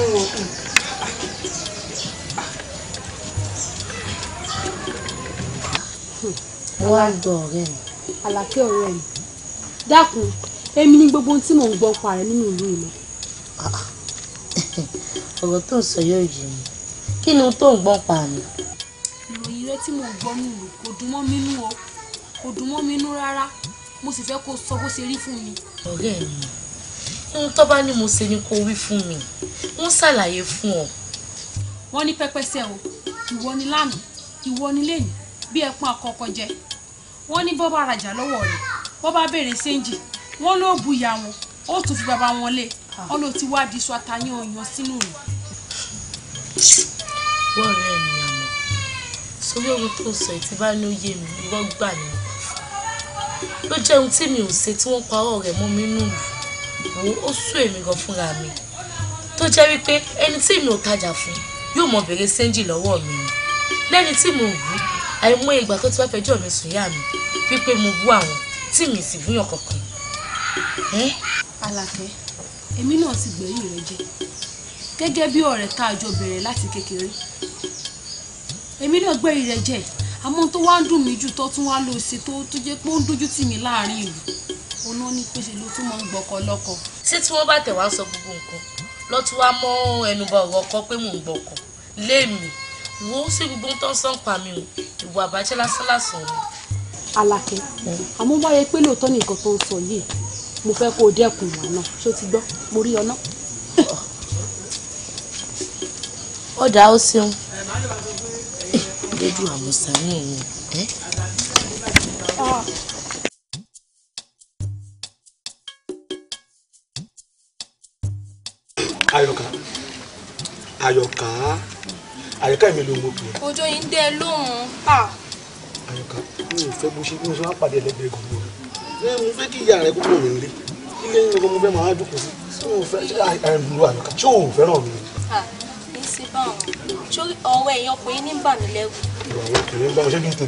wọ́n á gbọ́ ọ̀rẹ́ mi. àlàkẹ́ ọ̀rẹ́ mi dákun èmi ni gbogbo ohun tí mò ń gbọ́ ọkọ rẹ nínú ìlú mi. ọ̀rọ̀ tó ń sọ yóò yé mi kí ni ohun tó ń gbọ́ pa mi ìrẹ́ tí mo gbọ́ nù rò kò dùn mọ́ mi nú o kò dùn mọ́ mi nú rárá mo sì fẹ́ kó sọ bó ṣe rí fún mi. ọ̀rẹ́ mi ohun tó bá ní mo ṣe ni kó wí fún mi wọ́n ṣàlàyé fún ọ. wọ́n ní pẹ́pẹ́sẹ́ o ìwọ ni lánàá ìwọ ni lẹ́yìn bí ẹpọn àkọ́kọ́ jẹ wọ́n ní bọ́ bá lọ́wọ́ rẹ̀ bọ́ bá béèrè wọ́n ló bu ìyá wọn ó tún fi bàbá wọn lé wọn ló ti wá di iṣu àtàyàn sínú rẹ̀. wọ́n rẹ̀ mi sórí ohun tó sọ yìí bá ní ó mi irọ́ ni ló jẹ́ ohun tí mi ò ṣe tí wọ́n parọ́ rẹ̀ mọ́ mi nù wò ó sú èmi gan fúnra mi tó jẹ́ wípé ẹni tí mi ò tajà fún yóò mọ bèrè sẹ́ńjì lọ́wọ́ mi ni lẹ́ni tí mo wù àìmọye ìgbà tó ti wá fẹjọ́ mi sùn yá mi wípé mo bú àwọn tí mi sì búyàn kankan. alàfẹ́ èmi náà ti gbẹ̀yìn rẹ jẹ gẹ́gẹ́ bí ọ̀rẹ́ tá a jọ bẹ̀rẹ̀ láti kékeré èmi náà gbé ìrẹ́jẹ àmọ́ tó wá ń dùn mí jù tó tún wá lò sí tó tó jẹ́ pé ó ń dójú tì mí láàrin ìlú oná ní pèsè ló tún mọ́ ń gbọ́kọ lọ́kọ. ṣé tí wọ́n bá tẹ̀ wá sọ gbogbo nǹkan lọ tún wá mọ́ ẹnu bá ọ̀rọ̀ ọkọ pé mò ń gbọ́kọ léèmì wo ṣé gbogbo ń tán sàn pa mi o ìwà àbájẹ́ lásán lásán ni. Àlàkẹ́ àmọ́ wáyé pé lóòótọ́ ni nǹkan tó ń sọ yìí mo fẹ́ kó o dẹ́kun ìwà náà ṣó ti gbọ́ mo rí ọ lójú àmùsà náà ni. ayọ̀ká ayọ̀ká ayọ̀ká mi ló ń gbókè. ojú yín dé lóhùn. ayọ̀ká ah. mi ò fẹ́ bó ṣe bí mo ṣe máa pàdé ẹlẹ́gbẹ̀ẹ́ gbọ̀ngàn rẹ̀ mo fẹ́ kí ìyá rẹ̀ kúkú mi nílé ilé yín ló mo fẹ́ máa dùn kù sí mi ò fẹ́ ṣé àìrìn ah, lu ayọ̀ká ṣé òun fẹ́ràn mi. Ah bá ọ̀rọ̀ èèyàn pé ní bà mí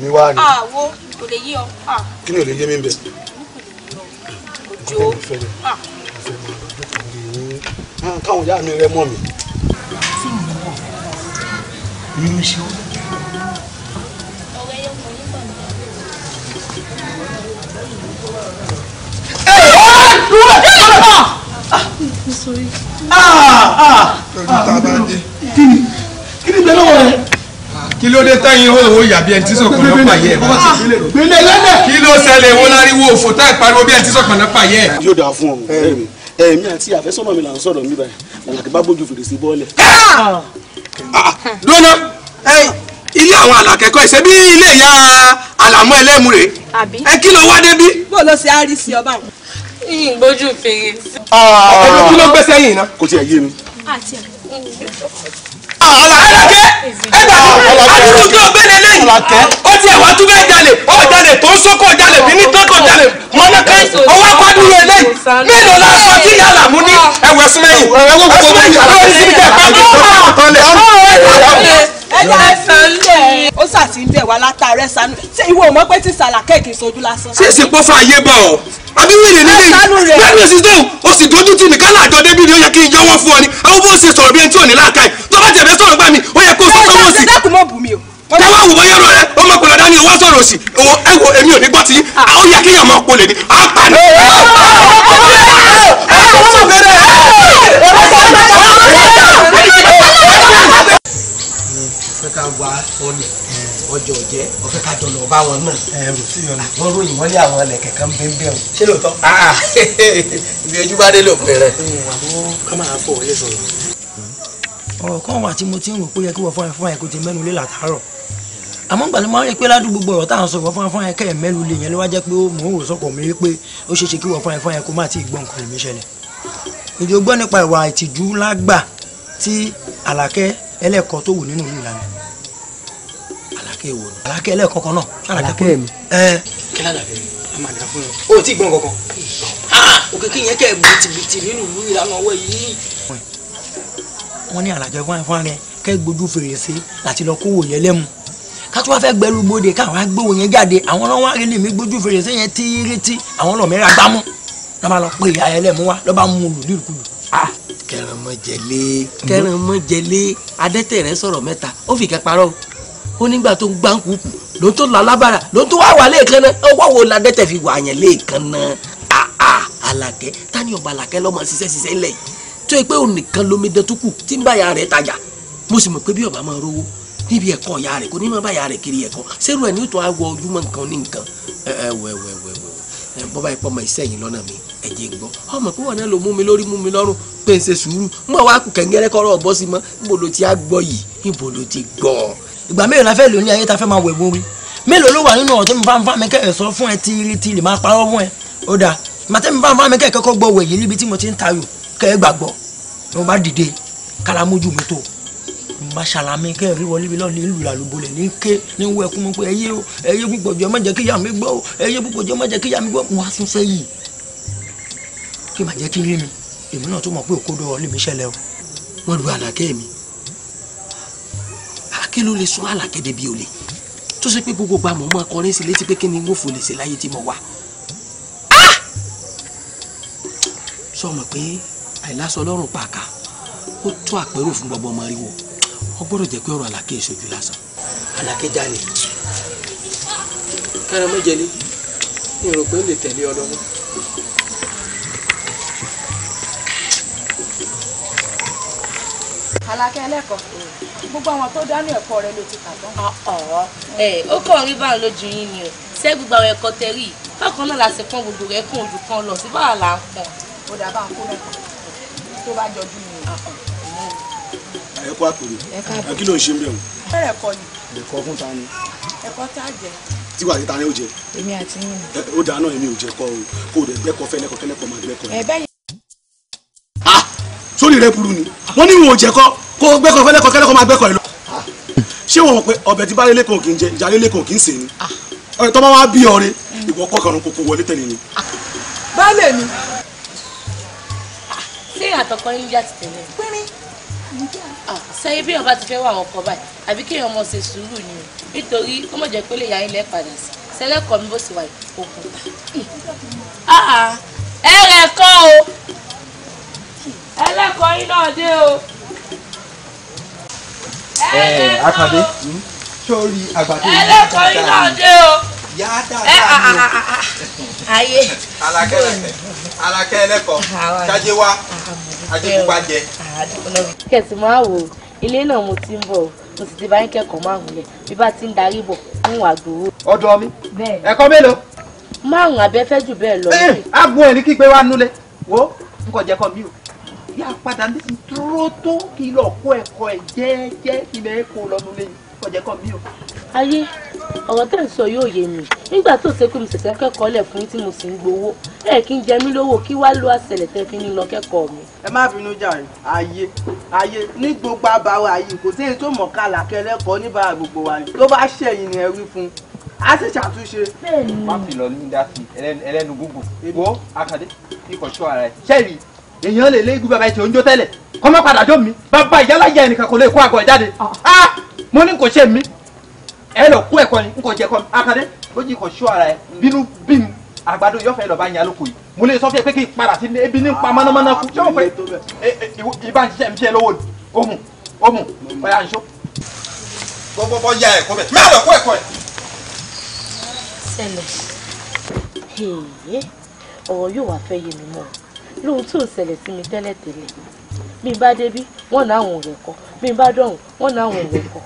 ìwà wo wá ni. àwo kò lè yí ọ. kí ni ò lè yé mi bẹ. ojú káwọn ìyá mi rẹ mọ mi. ní mi ṣe ọ́. Sorry. Ah, ah, ah kí ni kí ni bẹ́ẹ̀ lọ́wọ́ rẹ. kí ló dé táyìn owó yàbí ẹni tí sọ̀kan náà pààyẹ ẹ̀ bá. gbélé lẹ́dẹ̀. kí ló ṣẹlẹ̀ ìwọ láriwo òfò tá ìpariwo bí ẹni tí sọ̀kan náà pààyẹ ẹ̀. yóò dáa fún ọ èmi àti àfẹ́sọ́nà mi là ń sọ̀rọ̀ mi báyìí àlàkì bá gbójú fèrèsé bọ́ọ̀lẹ̀. Ah, dúró náà ilé àwọn àlàkẹ́kọ̀ọ́ ìṣe bí ilé ìyá àlàmọ́ ẹlẹ́mu rèé ẹ kí ló wá débí. bó ló ṣe á rí sí ọba àwọn. ìgbójú fèrèsé. ọ̀rọ̀ ah, ah. kí ló gbé sẹ́yìn náà. kò tiẹ̀ yé mi. àti ẹ̀ Àlàkẹ́ ẹgbà àdúgbò tó gbélé lẹ́yìn ó ti ẹ̀wá tún bẹ́ẹ̀ jalè ó jalè tó ń sọ́kọ̀ jalè bí ní tọ́kọ̀ jalè mọ́nàkẹ́ ọwọ́ akọ́dúró eléyìí mélòó la sọ tí yàrá mú ní ẹ̀wẹ̀ súnmẹ́yìn ẹ̀wẹ̀ súnmẹ́yìn lórí síbi kẹfà tó kọ́ ọ̀tọ̀ lẹ̀ ẹja ẹsàn lẹ ó sà ń bẹ̀ wá látàrẹ sanu ṣé ìwọ mọ̀ pé tí sàlàkẹ́ kì sojú lásán. ṣé èsì pọ́fà ayé bá ọ àbí wíìlì nílé yìí lẹ́nu èsì tó o sì dojú tì mí ká láàjọ débi ni ó yẹ kí n yọwọ́ fún ọ ni àwọn bó ṣe sọ̀rọ̀ bí ẹni tí ò ní láàkáì tó bá tẹ̀lé sọ̀rọ̀ bá mi ó yẹ kó o sọ sọ́wọ́ sí. ẹ dákun mọ́ bù mí o tẹ́wọ́ àwòrán yẹ̀rọ rẹ ó mọ̀ pẹ̀lú ọ̀dání owó sọ̀rọ̀ òsì ẹ wo èmi ò ní gbọ́ ti yín ó yẹ kéèyàn máa polè ní apani. ọ̀rọ̀ ọ̀rọ̀ ọ̀rọ̀ ọ̀rọ̀ ọ̀rọ̀ ọ̀rọ̀ ọ̀rọ̀ ọ̀rọ̀ fẹ́ ká wá ọ̀nà eh, ọjọ́ ọ̀jẹ́ ọ̀fẹ́ ká jọ lọ bá wọn náà. ẹ eh, ròyìn wọ́n ní àwọn ẹlẹ́kẹ̀ kan bẹ́ẹ̀ o. ṣé lóòótọ́. Ah, ah, ibi ojú bá dé ló pẹ̀rẹ̀. ọ̀rọ̀ kan wà tí mo ti ń rò pé yẹ kí wọ́n fún ẹ fún ẹ kó ti mẹ́nu lé látàárọ̀ àmọ́ gbàlẹ́ máa ń rí pé ládùúgbò gbogbo tá à ń sọ̀rọ̀ fún afọ́n ẹ̀kẹ́ mẹ́lu lè yẹn ló wá jẹ́ pé mò ń rò sọ́kọ̀ mi rí pé ó ṣeé kí wọ́n fún ẹ̀fọ́n ẹ̀kọ́ má ti gbọ́ nǹkan lèmi ṣẹlẹ̀ ìjọ gbọ́ nípa ìwà ìtìjú lágbà tí Àlàkẹ́ ẹlẹ́kọ̀ọ́ tó wù nínú ìlú ìlànà alákẹ́ wo ni alákẹ́ ẹlẹ́kọ̀ọ́ kan náà alákẹ́ mi. ẹ kílá làbẹ a máa dà fún ọ o tí gbọ́n kankan òkè kí yẹn kẹ́ ẹ bìtìbìtì nínú ìlú ìlànà ọwọ́ yìí. wọ́n ní àlàjẹ́ fún àìfọ́n rẹ kẹ́ gbójú fèrèsé láti lọ kówó yẹn lẹ́mu ká tó wá fẹ́ gbẹrú gbòde káwọn agbówó yẹn jáde àwọn náà wá rí lèmi gbójú fèrèsé yẹn tíírítí àwọn lọ́mẹ́rẹ́ agbámú lọ́ba Ah. kẹran mọ jẹlé kẹran mọ jẹlé adẹ́tẹ̀ rẹ sọ̀rọ̀ mẹ́ta ó fi kẹparọ́ ó nígbà tó ń gbá ń kúkú ló ń tó lọ alábàárà ló ń tó wá wà lẹ́ẹ̀kan náà ó wá wo ladẹ́tẹ̀ fi wà yẹn lẹ́ẹ̀kan náà àà ah, ah. alàkẹ́ tani ọba alàkẹ́ lọ́mọ ṣiṣẹ́ ṣiṣẹ́ ńlẹ̀ yìí tó yẹ pé òun nìkan lomi dán tó kù tí ń bá ya rẹ̀ tajà mo sì mọ̀ pé bí ọba máa rówó níbi ẹ̀kọ́ ya rẹ̀ kò ní máa bá ya rẹ̀ kiri ẹ̀kọ́ sẹ́rù ẹ̀ ní ó tún á wọ ojúmọ́ nǹkan ní nǹkan ẹ̀ ẹ̀ wẹ̀wẹ̀wẹ̀ bọ́ báyìí pọ́ ọmọ iṣẹ́ yìí lọ́nà mi ẹ̀jẹ̀ ń gbọ́ ọmọ pé wọn náà ló mú mi lórí mú mi lọ́rùn pé n ṣe sùúrù mọ̀ wá kù kẹ̀ngẹ́rẹ́ kọ́rọ̀ ọ̀bọ sí mọ́ níbo ló ti á gbọ́ yìí níbo ló ti gbọ́. ìgbà mélòó la fẹ́ lò ní ayé ta fẹ́ máa wẹ̀ borí mélòó ló wà nínú ọ̀rọ̀ tó ń bá ń bá mi kẹ́ ẹ̀ sọ fún ẹ tiiri tiiri máa parọ́ fún ẹ ó dáa màtẹ́mi bá mi kẹ́ ẹ̀ masalami kẹ́ ẹ̀rí wọlé mi lọ́ọ̀lì ńlù làlùbọ̀lẹ̀ ní ké ní wọ ẹkún mi pé ẹyẹ o ẹyẹ púpọ̀jù ẹ má kí ìyá gbọ́ o ẹyẹ púpọ̀jù ẹ má kí ìyá mi gbọ́ wọn á sún sẹ́yìn kí màá jẹ́ kí rí mi èmi náà tó mọ̀ pé òkodo ọ̀lẹ́ mi ṣẹlẹ̀ o wọ́n lu àlàkẹ́ mi àkè lè sún àlàkẹ́ débi olè tó ṣe pé gbogbo gbàmọ̀ mọ́ akọrin sí létí pé kí ni n ó fò láyé tí mo wà ah! ó tó àpérò fún gbogbo ọmọ rí wo ó gbọ́dọ̀ jẹ́ pé ọ̀rọ̀ alákè ìṣojú lásán. alákè jáde káramẹ́jẹlé mi ò rò pé ó lè tẹ̀lé ọ lọ́wọ́. alákẹ́ ẹlẹ́kọ̀ọ́ gbogbo àwọn tó dánú ẹ̀kọ́ rẹ ló ti kà tán. Ah, ah. ó kàn rí báwọn lójú yín ni o ṣé gbogbo àwọn ẹ̀kọ́ tẹ̀rí bákan náà la ṣe pọ́n gbogbo rẹ̀ kún ojú kan lọ sí báwa là ń pọ́n. ó dà bá ń kó lẹ́kọ̀ọ́ tó bá jọjú mi ẹ kú àpèrè kí ló ń ṣe ń bẹ̀ wọ́n. bẹ́ẹ̀ ẹ̀kọ́ ni. ẹ̀kọ́ fún ta ni. ẹ̀kọ́ tá a jẹ. tí wàá ta ni ó jẹ. èmi àti yín. ó dáa náà èmi ò jẹ kọ o kó o dẹ̀ gbẹ́kọ̀ fẹ́ lẹ́kọ̀ọ́ kẹ́lẹ́kọ̀ọ́ máa gbẹ́kọ̀ ni. Ah! sórí rẹ burú ni wọ́n ní ìwọ̀n jẹ́kọ́ kó o gbẹ́kọ̀ fẹ́ lẹ́kọ̀ọ́ kẹ́lẹ́kọ̀ọ́ máa gbẹ́kọ̀ ẹ̀ lọ. Ah! ṣé wọn pé ọbẹ̀ tí báyé lẹ́kọ̀ọ́ kì í jẹ ìjàlé lẹ́kọ̀ọ́ kì í sè ni ah! ọ̀rẹ́ tó bá wá bí ọ̀rẹ́ mm. ìwọ kọkàrún kòkó wọlé tẹ̀lé ni. baálé mi. ṣé àtọkọ yín já ti tẹ̀lé. pínrín sẹ́yìn bí èèyàn bá ti fẹ́ wà ọkọ̀ báyìí àbí kéèyàn mọ̀ ṣe sùúrù ni o nítorí kó mọ̀ jẹ́ pé lè yà yín lẹ́ padà sí sẹ́lẹ̀kọ̀ mi bó ṣe wà òkúta. Ah, ah. ẹ rẹ̀ kọ́ o ẹlẹ́kọ̀ọ́ yín náà dé o. ẹ eh, akande hmm? sórí àgbàdo yìí ẹlẹ́kọ̀ọ́ yín náà dé o. yá dáadáa ah, ni o. ayé. alakẹ́ ẹlẹ́kọ̀ọ́ ṣáájú wa ajẹ́kùpá jẹ. kẹ̀sì máa wò ó ilé náà mo ti ń bọ̀ mo sì ti bá ń kẹ́kọ̀ọ́ márùn-ún lẹ̀ bí bá ti ń darí bọ̀ fún àgbòrò. ọ̀dọ̀ mi ẹ̀kọ́ mélòó. márùn-ún abẹ́fẹ́ jù bẹ́ẹ̀ lọ. ẹ eh, àgùn ẹ̀ ní kígbe wa nulẹ̀ wo n kò jẹ́ kọ́ mi o yà padà ní ti dúró tó kí lọ kó ẹ̀kọ́ ẹ̀ jẹ́ẹ́jẹ́ kí lẹ́ kó lọ nulẹ̀ n kò jẹ́ kọ́ mi o. ayé ọ̀rọ̀ tẹ́ ń sọ yóò yé mi nígbà tó ṣe pé mo ṣẹ̀ṣẹ̀ kẹ́kọ̀ọ́ lẹ̀ fún tí mo sì ń gbowó ẹ̀ kí ẹ má bínú jàre ayé ayé ní gbogbo abàwọ̀ ayé kò sí èyí tó mọ̀ ká làkẹ́ lẹ́kọ̀ọ́ níbà gbogbo wa ni tó bá ṣẹ̀yìn ni ẹ wí fún un a sì ṣàtúnṣe. má fi lọ ní dási ẹlẹ́nu gbogbo wo akadé ikọ̀ ṣọ́ ara ẹ̀ ṣẹ́ẹ̀rì èèyàn lè lé igun bàbá ẹ̀ tí ó ń jó tẹ́lẹ̀ kọ́ má padà jó mi bàbá ìyálà yẹ ẹnìkan kò lè kó àgọ́ ẹ̀ jáde ah. Ah! mo ní kò ṣe mí ẹ lọ kó ẹ̀kọ́ ni n kò jẹ́ kọ́ akadé ó ikọ̀ ṣọ́ ara ẹ̀ bínú bínú àgbàdo yọfẹ lọba yẹn alóko yìí mo lè sọ fún ẹ pé kí n padà sí ebi ní pa mọ́nàmọ́ná kú ṣé o pé ìbá ń ṣiṣẹ́ ń ṣe lówó ni ohun ohun ọ̀yà ń ṣó. bọ́bọ́ ya ẹ̀kọ́ bẹ̀ máa lọ kó ẹ̀kọ́ ẹ̀. ṣẹlẹ̀ ọ̀rọ̀ yóò wá fẹ́ yé mi mọ́ lóhun tó ṣẹlẹ̀ sí mi tẹ́lẹ̀ tẹ́lẹ̀ bí n bá débí wọ́n náà àwọn òwe kọ́ bí n bá dọ̀hùn wọ́n náà àwọn òwe kọ́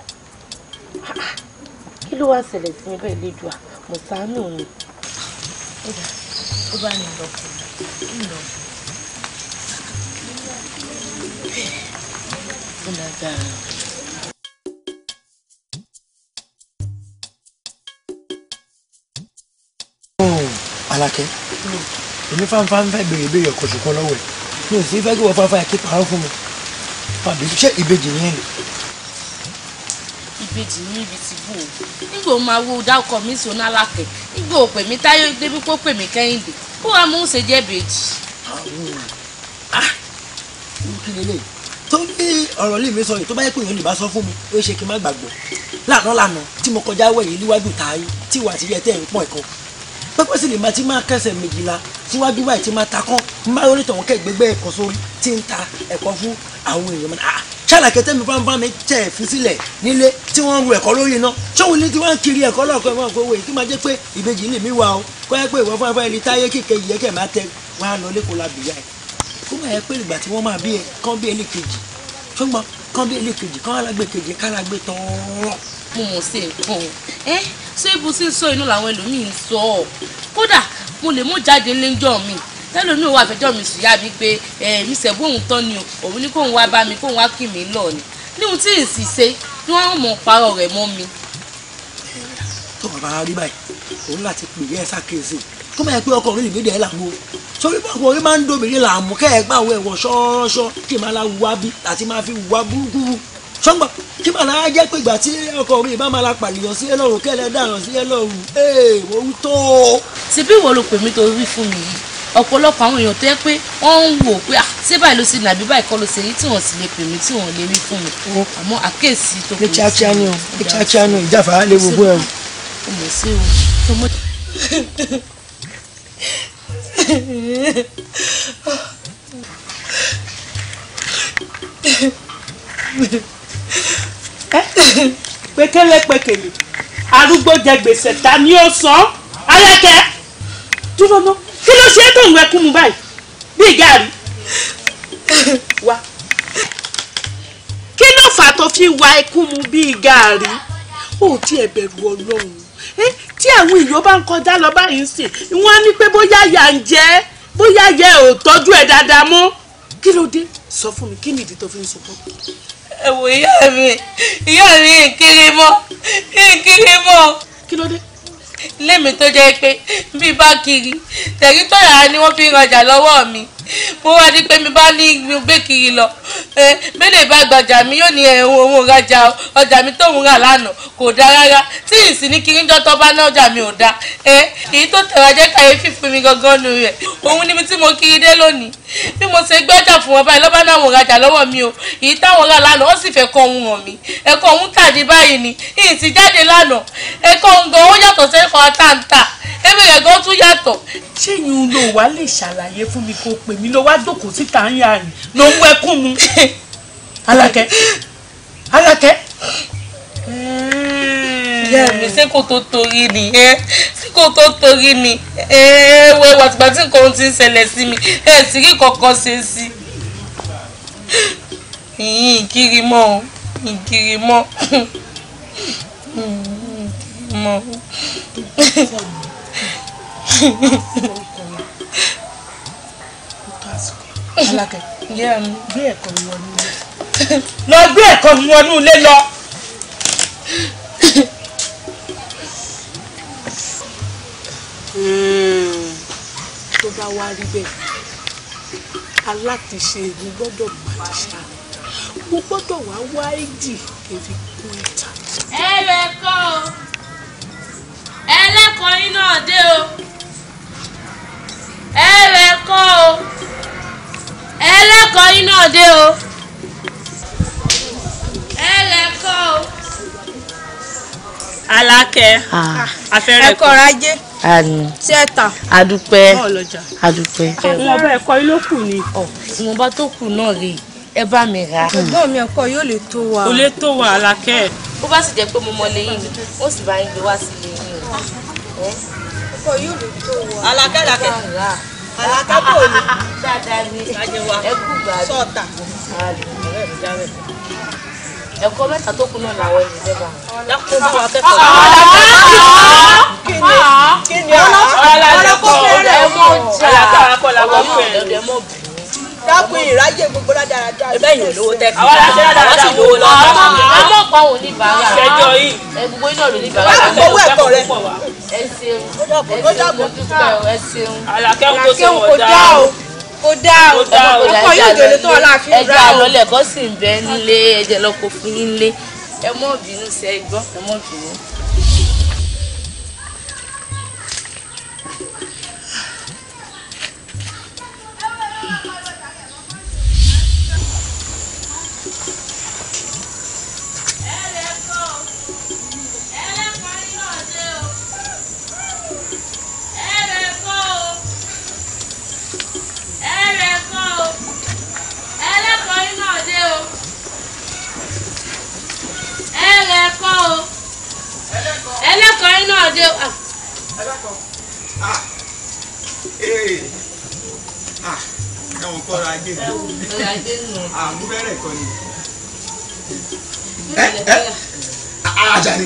kí ló wá ṣẹlẹ̀ sí mi bẹ́ẹ̀ lédùá mọ̀sánù ni ó bá ní lọ́kùn ńlọ́kùn. ó lágbára. Alákẹ́ èmi fáńfá ń fẹ́ béèrè béèrè ọkọ̀ fún mi fàbí ṣé ìbejì yẹn ni. ìbejì ní ibi tí nígbà ó máa wo dákọ mi sọnà alákẹ nígbà ó pè mí táyé débi pé ó pè mí kẹ́hìndé kó wa mú ṣe jẹ́ bèjì. torí ah, ọ̀rọ̀ lè mi sọ yìí tó bá yẹ pé èèyàn lè bá sọ fún mi ó ṣe kí n má gbàgbọ́ lánàá lánàá tí mo kọjá wẹ̀yìn níwájú tààyè tí ìwà àtijọ́ ẹ̀ tẹ̀ ń pọ̀ ẹ̀kọ́ pẹ́pẹ́ sì lè máa ti máa kẹsẹ̀ méjìlá síwájú báyìí ti máa ta kán máa rí tọ̀hún kẹ́ gbẹgbẹ́ ẹ̀kọ́ sórí tí ń ta ẹ̀kọ́ fún àwọn èèyàn mọ́ta ah, ṣàlàkẹ́ tẹ́mi bá ń bá mi tẹ̀ fi sílẹ̀ nílé tí wọ́n ń ru ẹ̀kọ́ lórí iná ṣọ́wọ́n ní tí wọ́n ń kiri ẹ̀kọ́ lọ́ọ̀kọ́ ìwọ̀n kò wòye kí máa jẹ́ pé ìbejì lè mí wa o kọ́ ẹ pé ìwọ́n fúnfún ẹni táyé kíkẹ́ yìí ẹ̀kẹ́ máa tẹ wọn á lọ lẹ́kọ̀ọ́ la bìyà ẹ̀ kó máa yẹ pé ìgbà tí wọ́n máa bí ẹ kán bí ẹni kejì ṣùgbọ́n kán bí ẹni kejì kán alágbè kejì kálágbè mo lè mú jáde lẹ́jọ́ mi tẹ́lómi wà fẹjọ́ mi sùn yá mi pé mi sẹ̀bú òun tán ni òun ní kóun wá bá mi kóun wá kì mí lọ ni níhun tí èsì ṣe ni wọ́n mọ̀ parọ́ rẹ̀ mọ́ mi. tó bàbá rí báyìí òun láti pè é ṣàkíyèsí kó máa pé ọkọ orílẹ̀ èdè ẹ̀ làmú sórí pé ọkọ orí máa ń dòmìnir làmú kẹ́ ẹ̀ gbà àwọn ṣọ́ọ́ṣọ́ kí màá la wá bí àti máa fi wá burúkú sọ́gbà kí màá la jẹ́ pé ìgbà tí ọkọ orí bá máa la pàlìyàn sí ẹlọ́run kẹ́lẹ́ dàrán sí ẹlọ́run ee mo tó. ṣèbí ìwọ ló pè mí torí fún mi yìí ọ̀pọ̀lọpọ̀ àwọn èèyàn tó yẹ pé wọ́n ń wò pé ah, ṣé báyìí ló ṣe nàbí báyìí kọ́ ló ṣe èyí tí wọ́n sì lè pè mí tí wọ́n lè rí fún mi oh. àmọ́ àkéèsí tó kù sí. ní kíákíá ni o ní kíákíá ni o ìjàfà á lè gbogbo ẹ o. o mọ̀ sí o arúgbó jẹ gbèsè ta ni ó san alákẹ́ dúró náà kí ló ṣe é tó ń wẹkún mu báyìí bíi gàrí wa kí ló fà tó fi wa ikú mu bíi gàrí ó tiẹ̀ bẹ̀rù ọlọ́run tí àwọn èèyàn bá ń kọjá lọ báyìí sìn wọ́n ní pé bóyá yà ń jẹ́ bóyá yẹ ò tọ́jú ẹ̀ dáadáa mọ́ kí ló dé sọ fún mi kí nìdí tó fi ń sọ fún mi ẹ̀wò ìyá mi ìyá mi ìkiri mọ́ ìkiri mọ́. kí ló dé lèmi tó jẹ́ pé bí bá kiri tẹ̀rítọ́yà ni wọ́n fi ń rajà lọ́wọ́ mi mo wá ní pé mi bá ní gbé kiri lọ mẹ́lẹ̀ bá gbajà mi yóò ní ẹ̀hún òun rajà ọjà mi tóun rà lánàá kò dáa rárá tí ìsì ní kiri ń dọ́tọ́ bá ná ọjà mi ò dáa èyí tó tẹ̀ra jẹ́ kàyéfì fún mi gangan nu rẹ̀ òun níbi tí mo kiri dé lónìí bí mo ṣe gbẹ́jà fún wọn báyìí lọ́ba náà wò rajà lọ́wọ́ mi o èyí táwọn rà lánàá ó sì fẹ́ kọ́ ohun hàn mí ẹ̀kọ́ ohun tàdí báyìí ni ìsì jáde èmi ló wá jókòó síta ń yà ni ló ń wẹ́kún mu alákẹ́ alákẹ́. ìyá mi ṣé kò tó torí ni ẹ ṣé kò tó torí ni ẹ wẹ wàtìgbà tí nǹkan ti ń ṣẹlẹ̀ sí mi ẹ sì rí kankan ṣe sí i ìyìn ìkiri mọ́ ọ ìkiri mọ́ ìkiri mọ́ alákẹ́ ǹjẹ́ gbé ẹ̀kọ́ mi wọnú ilé lọ gbé ẹ̀kọ́ mi wọnú ilé lọ. Hmm. tó bá wá rí bẹ́ẹ̀ alátiṣe mi gbọ́dọ̀ máa ti ṣá mo gbọ́dọ̀ wá wá ìdì kiri kún ìta. ẹ lè kọ́ o ẹlẹ́kọ̀ọ́ yín náà dé o ẹ lè kọ́ o ẹlẹ́kọ̀ọ́ iná dé o ẹlẹ́kọ̀ọ́ o. alákẹ́ afẹ́rẹ́ kọ́ ẹ̀kọ́ ajé tíẹ́tà adúpẹ́ adúpẹ́. wọn bá ẹ̀kọ́ ilé kù ni. ìwọ̀nba tó kù náà rè ẹ bá mi rà. ẹ̀gbọ́n mi ẹ̀kọ́ yóò lè tó wa. kò lè tó wa alákẹ́. bó bá sì jẹ́ pé mo mọ lẹ́yìn ni ó sì bá yín gbé wá sí lẹ́yìn o. ẹ̀kọ́ yóò lè tó wa. alákẹ́ alákẹ́ alákápò ni dáadáa ni ẹkú gbàdúrà sọta ẹ̀kọ́ mẹ́ta tó kù náà làwọn ẹni ìjọba. dákun bá wa kẹ́kọ̀ọ́. kíni kíni ọlọ́kọ̀ ọlọ́kọ̀ fẹ́rẹ̀ ẹ̀ mọ̀ jà ọlọ́kọ̀ ọlọ́kọ̀ fẹ́rẹ̀ ẹ̀ mọ̀ bù dákun ìráyè gbogbo ládàradà. ẹbẹ yìí olówó tẹ fi àwọn aláṣẹ ládàradà sì lówó lọ. àwọn ọ̀pá ò ní bàárà. ìṣẹ́jọ́ yìí. ẹ̀gbogbo iná ò ní bàárà. wọ́n á fọwọ́ ẹ̀kọ́ rẹ̀. ẹ ṣeun ẹ ṣeun ẹ ṣeun. àlàkẹ́hùn tó ṣe wọ̀ dá o kò dáa o ọkọ yóò dèrè tó ọlá àfihàn rà o. ẹjẹ àlọlẹ kọ sì nílé ẹjẹ lọkọ fún yín lé ẹ mọ bínú sẹ gbọ́ ẹ mọ bínú. adé. Ah. ẹ dákọ̀ ẹ̀wọ̀n kọ́ ra ajé nù àmúbẹ̀rẹ̀ ah, kọ́ ni. Àjàní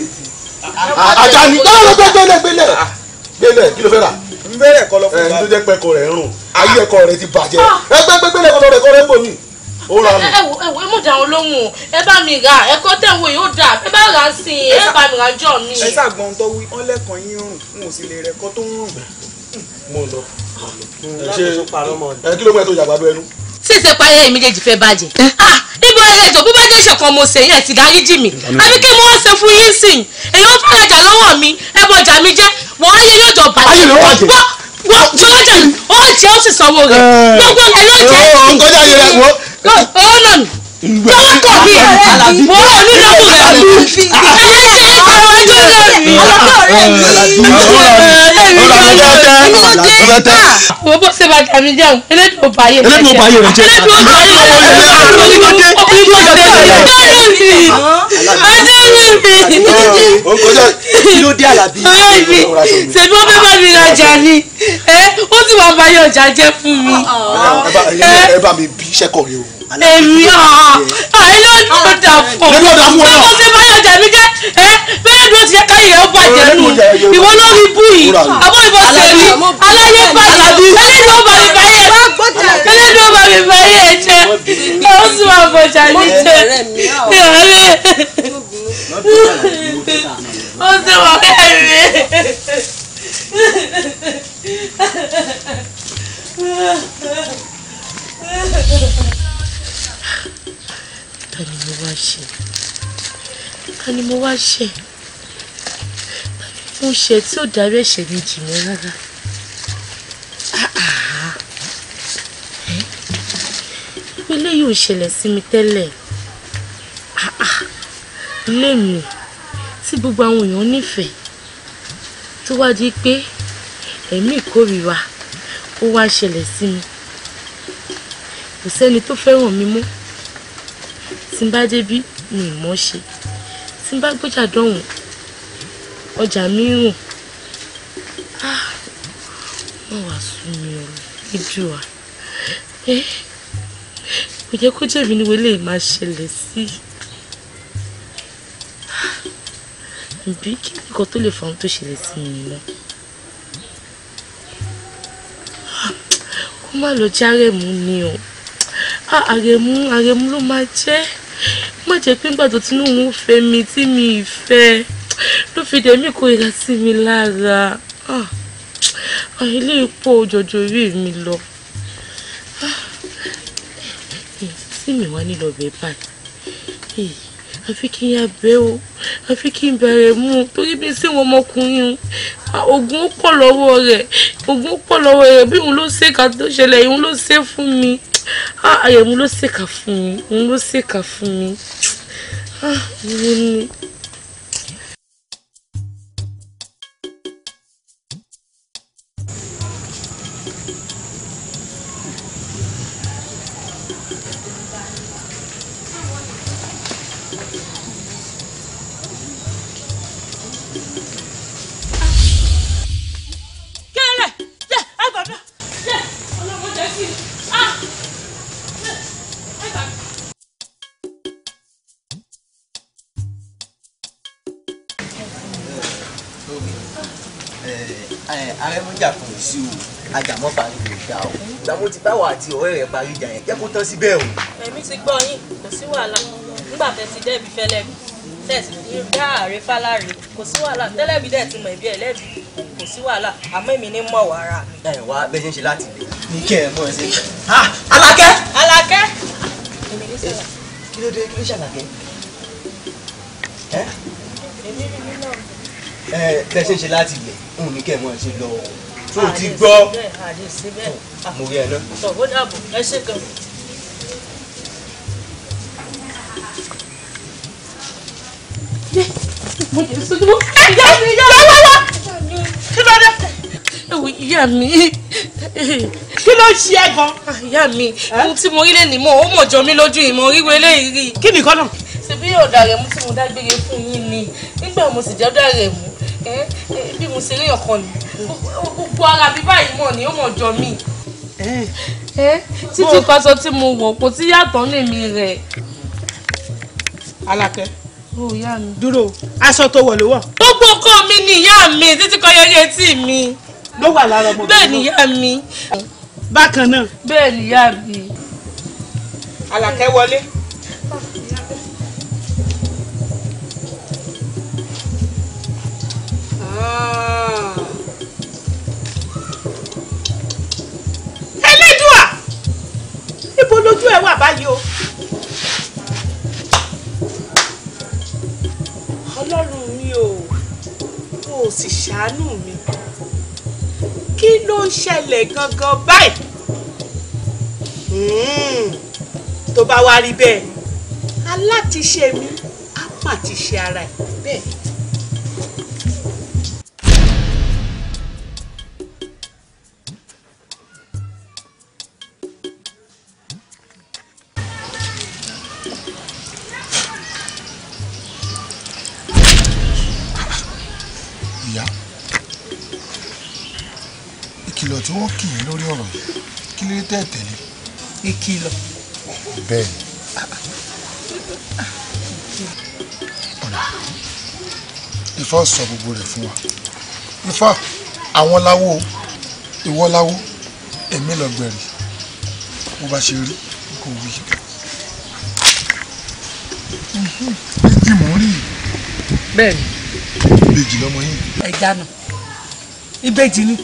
Àjàní gbẹ́lẹ̀ gbẹ́lẹ̀ gbẹ́lẹ̀ kí ló fẹ́ rà nbẹ̀rẹ̀ kọ́ lọ fún wa ẹ̀ ń tó jẹ́ pẹ́kọ̀ rẹ̀ ń rùn ayé ah. ẹ̀kọ́ rẹ̀ ti bàjẹ́ ẹgbẹ́ gbẹ́lẹ̀ kọ́ lọ rẹ̀ kọ́ rẹ̀ ń bò mí ó ra mi. ẹ wo ẹ wo ẹ mú dàrún o ẹ bá mi rà ẹkọ tẹ̀wọ̀ yóò dà ẹ bá rà sí i ẹ bá mi rà jọ mi. ẹ ṣàgbọ́n tó wí ọlẹ́kan yín rùn n ò sì lè rẹ̀ kọ́ tó ń rùn. mo lọ ṣe ẹ kí ló mú ẹ tó yàgbádùn ẹnu. ṣèṣe payẹ ìméjèèjì fẹ́ bàjẹ́ níbo ẹ jọ bí bá jẹ́ ìṣọ̀kan mo ṣe yẹn ti dáríjì mi àbí kí mo wá ṣe fún yín sìn èyí ó fẹ́ rajà lọ́wọ́ mi ẹ bọjà mi jẹ́ wọ́n ayé yóò jọ bàjẹ́. ayé ló wà jẹ́ wọ́n jẹ́ ó sì sanwó rẹ̀ gbogbo ẹ̀ ló jẹ́ sí. ọkọjá wọ́n ó nà nù tọ́kọ̀ mi mo rò ní lọ́kùn rẹ̀ mi ẹni tí àwọn ojú rẹ̀ mi ọlọ́kọ̀ rẹ̀ mi ẹni tí ẹni tí wo bó ṣe bá jàmí jẹun elédùn ọba ayé rẹ jẹ elédùn ọba ayé rẹ jẹ elédùn ọba ayé rẹ jẹ elédùn ọba ayé rẹ jẹ elédùn ọba ayé rẹ jẹ ọdún mi ọdún mi kí ló dé àlàbí ṣèbí wọn fẹ́ bá mi rajà ni ó ti wà báyọ̀ ọjà jẹ́ fún mi. ẹ bá mi bí iṣẹ́ kọ̀ rí o èmi ọ̀ àìló ló dà pọ̀ báwo ṣe báyọ̀ jẹ̀mí jẹ́ ẹ bẹ́ẹ̀ ló ti yẹ káyì rẹ̀ ó bàjẹ́ nù ìwọ lórí bú yìí àbọ̀ ìbọn sẹ̀rí aláyé bàjẹ́ ẹlẹ́dìí ó bá mi báyẹ̀ ẹlẹ́dìí ó bá mi jẹ́ ẹ sì máa bọ̀jà ní jẹ́ ìrọ̀lẹ́ ó sì wọ́n kẹ́rì. Ha ha ha ká ni mo wá ṣe ká ni mo wá ṣe mo ṣe tí ò dárí ẹ̀ṣẹ̀ mi jì mí rárá ilé yìí ò ṣẹlẹ̀ sí mi tẹ́lẹ̀ ilé mi tí gbogbo àwọn èèyàn nífẹ̀ẹ́ tó wá di pé ẹ̀mí ìkórìíra ó wá ṣẹlẹ̀ sí mi kò sẹ́ni tó fẹ́ràn mi mọ́ tí n bá débí mi ì mọ́ ṣe tí n bá gbọ́jà dọ̀hún ọjà mi ń rùn wọ́n ah, wàá sún mi ọ̀rọ̀ lójú wa kò jẹ́ kó jẹ̀mí ni wọ́n máa ṣẹlẹ̀ sí ah, bí kí nǹkan tó lè fa ohun tó ṣẹlẹ̀ sí mi mọ́ ah, kó má lọ jẹ́ àrẹ̀mú ni o àrẹ̀mú àrẹ̀mú ló máa jẹ́ má jẹ́ pé nígbà tó tinubu fẹ́ mi tí mi ìfẹ́ ló fi dẹ̀mí kórìíra sí mi lára ah, ah, ilé ipò òjòjò rí mi lọ tí ah, mi wá nílò bẹ́ẹ̀ báyìí àfi kí n yà bẹ́ẹ̀ o àfi kí n bẹ̀rẹ̀ mú un torí bí n sí wọn ọmọkùnrin un oògùn ó pọ̀ lọ́wọ́ rẹ̀ oògùn ó pọ̀ lọ́wọ́ rẹ̀ bí òun ló ṣe kà tó ṣẹlẹ̀ òun ló ṣe fún mi àyẹ̀mú ah, ló ṣèkà fún mi òun ló ṣèkà fún mi. Ah, táwa àti ọ̀rẹ́ rẹ̀ parí ìjà yẹn jẹ́ kó tán síbẹ̀ o. èmi ti gbọ́ yín kò sí wàhálà nígbà tẹ́ ti dẹ́bi fẹ́lẹ́ mi tẹ̀sí dá àrè fáláre kò sí wàhálà tẹ́lẹ̀bí dẹ̀ ti mọ̀ ẹ̀bí ẹ̀ lẹ́bi kò sí wàhálà àmọ́ èmi ní mọ̀ wàrà mi. ẹ wá bẹ́ẹ̀ ṣe ń ṣe láti lè ní kẹ́ ẹ mọ̀ ẹ ṣe. Alákẹ́. Alákẹ́. èmi ní sọ̀rọ̀. kí ló dé kí ló ṣàlàkẹ́. ẹ bẹ́ẹ̀ ṣe ń ṣe láti lè ń ní kẹ́ ẹ mọ̀ ẹ lọ tó ah, ti gbọ́ mo rí ẹ lọ. Ah, ìyá mi kí ló ń ṣe ẹ gan. Ah, ìyá mi ohun tí mo rí lè ní mọ ó mọ̀ jọ lójú ìmọ̀ ríro eléyìí kí nìkan náà. ṣe bí ọ̀dàrẹ̀mú tí mo dágbére fún yín ni nígbà mo sì jẹ́ ọ̀dàrẹ̀mú bí mo ṣe rí ọ̀kan nìyí gbogbo ara mi báyìí mọ̀ ni ó mọ̀ jọ mí. Eh, eh, títí kọ́sọ tí mo wọ̀ kò tí yàtọ̀ lè mi rẹ̀. Alákẹ́ dúró aṣọ tó wọ̀ ló wọ̀. gbogbo ọkọ mi ni ìyá mi títí kọ́ yẹyẹ etí mi. ló wà lára ọmọ mi. bẹ́ẹ̀ ni ìyá mi. bákan náà. bẹ́ẹ̀ ni ìyá mi. Alákẹ́ wọlé. Ah. ẹ wà báyìí o. ọlọ́run mi o o sì ṣàánú mi kí ló ń ṣẹlẹ̀ gangan báyìí hmm, tó bá wá rí bẹ́ẹ̀ alátiṣe mi á mà ṣe ara ẹ̀ bẹ́ẹ̀. lórí ọ̀rọ̀ yìí kí ló dé tẹ́ tẹ̀lé. ìkìlọ̀. bẹ́ẹ̀ ni ọ̀nà Ifá sọ gbogbo rẹ̀ fún wa Ifá àwọn láwo ìwọ láwo èmi lọ́gbẹ̀rì bó bá ṣe rí kò wí. ìdí mò ń rí bẹ́ẹ̀ ni. ìbejì lọmọ yìí. ẹja nù ìbejì ni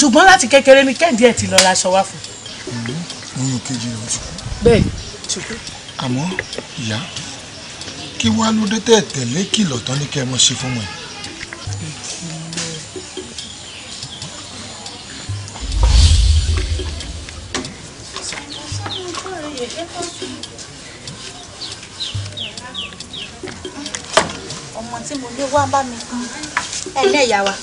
ṣùgbọ́n láti kékeré ni kẹ́hìndé ẹ̀ ti lọ ra aṣọ wá fún. oyún kejì rẹ̀ ti kú. bẹ́ẹ̀ ti kú. àmọ́ ìyá kí wàá ló dé tẹ̀lé kìlọ̀ tán ní kẹ́ ẹ mọ̀ ṣe fún wọn. ọmọ tí mo lé wá bá mi kan ẹlẹ́yàá wa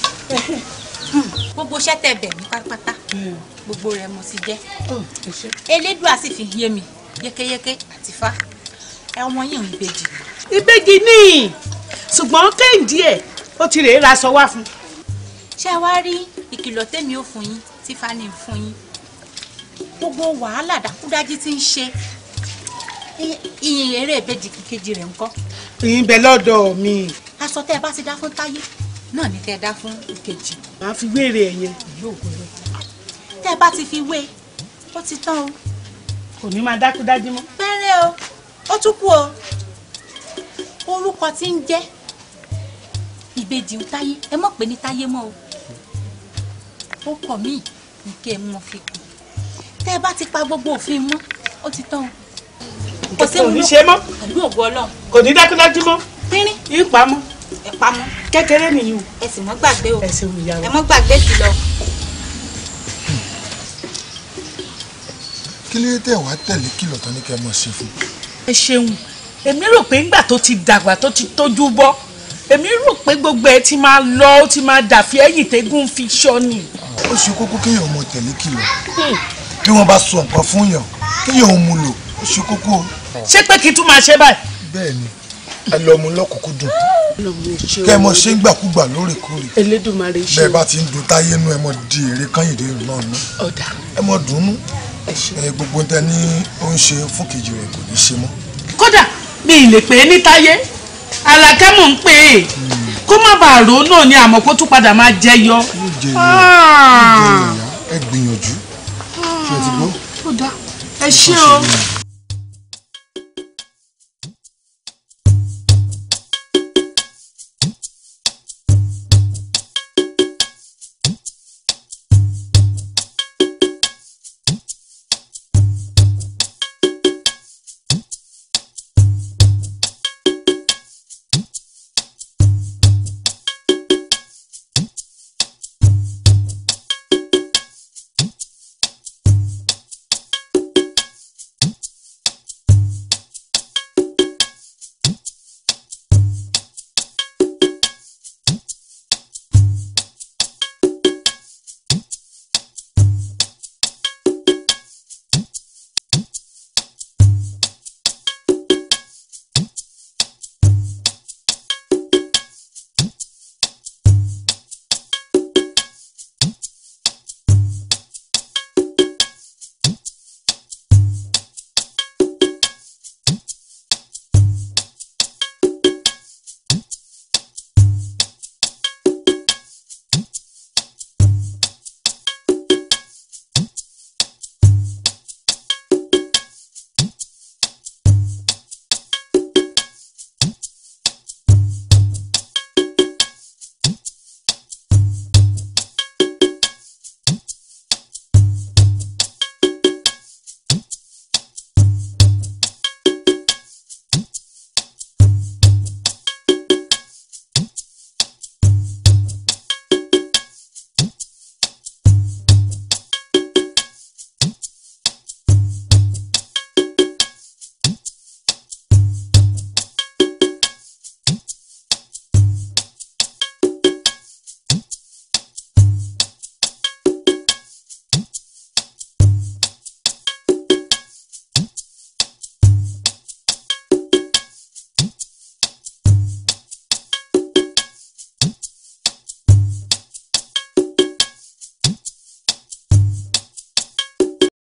gbogbo iṣẹ́ tẹ bẹ̀ mí pátápátá hmm. gbogbo rẹ̀ mo ti jẹ́ oh, elédùà sì fi yé mi yékéyéké àti fá ọmọ yìí ń ìbejì. ìbejì ni ṣùgbọ́n kéǹdì ẹ̀ ó ti rèé ra sọ wá fún. ṣé ẹ wá rí ìkìlọ̀ tèmi ò fún yín tí fani fún yín gbogbo wàhálà dákúdájí ti ń ṣe ìyìn eré ìbejì kejì rẹ̀ ńkọ́. ìyìn bẹ lọ́dọ̀ mi. aṣọ tẹ́ ẹ bá ti dá fún táyé náà ni tẹ́ ẹ dá fún ìkejì. màá fi wéèrè ẹ yẹn. tẹ́ ẹ bá ti fi wé ó ti tán o. kò ní máa dákú dájú mọ́. pẹ́rẹ́ o ó tún kú o orúkọ tí ń jẹ́ ìbejì táyé ẹ mọ̀ pé ní táyé mọ́ o ó kọ̀ míì ní ẹ mọ̀ fi kù tẹ́ bá ti pa gbogbo òfin mọ́ ó ti tán o kò sí ìwúlò pẹ̀lú ògùn kò ní dákú mọ́ pínrín ìpamọ́ ẹ pamọ́. kékeré nìyí o. ẹ sì mọ́ gbàgbé o. ẹ sì mú ìyá wa. ẹ mọ́ gbàgbé ti lọ. kí ló dé wàá tẹ̀lé kìlọ̀ tán ní kẹ́ ẹ mọ̀ ṣe fún. ẹ ṣeun èmi rò pé ńgbà tó ti dàgbà tó ti tójú bọ́ èmi rò pé gbogbo ẹ ti máa lọ ó ti máa dàfi ẹ̀yìn tẹ́gùn fi ṣọ́ ni. ó ṣe kókó kéèyàn mọ̀ tẹ̀lé kìlọ̀ bí wọ́n bá sọ nǹkan fún yàn kéèyàn ò lò ó ṣe kókó. ṣé pé kí n tún máa ṣe báyìí. bẹ́ẹ̀ ẹ lọ mu lọkùnkúndùn kẹ ẹ mọ ṣe ń gbàkúgbà lóòrèkóòrè bẹ́ẹ̀ bá ti ń dun táyé nú ẹ mọ di èrè kányìndé náà nú ẹ mọ dùnú ẹ gbogbo tẹ ní ó ń ṣe fún kejì rẹ kò ní ṣe mọ́. kódà mi ì lè pè é ní táyé alákẹ́ mò ń pè é hmm. kó má bàa rò ó náà ni àmọ́ kó tún padà máa jẹyọ. Ah. ẹ gbìyànjú ṣe ti gbọ́. ó dáa ẹ ṣé o.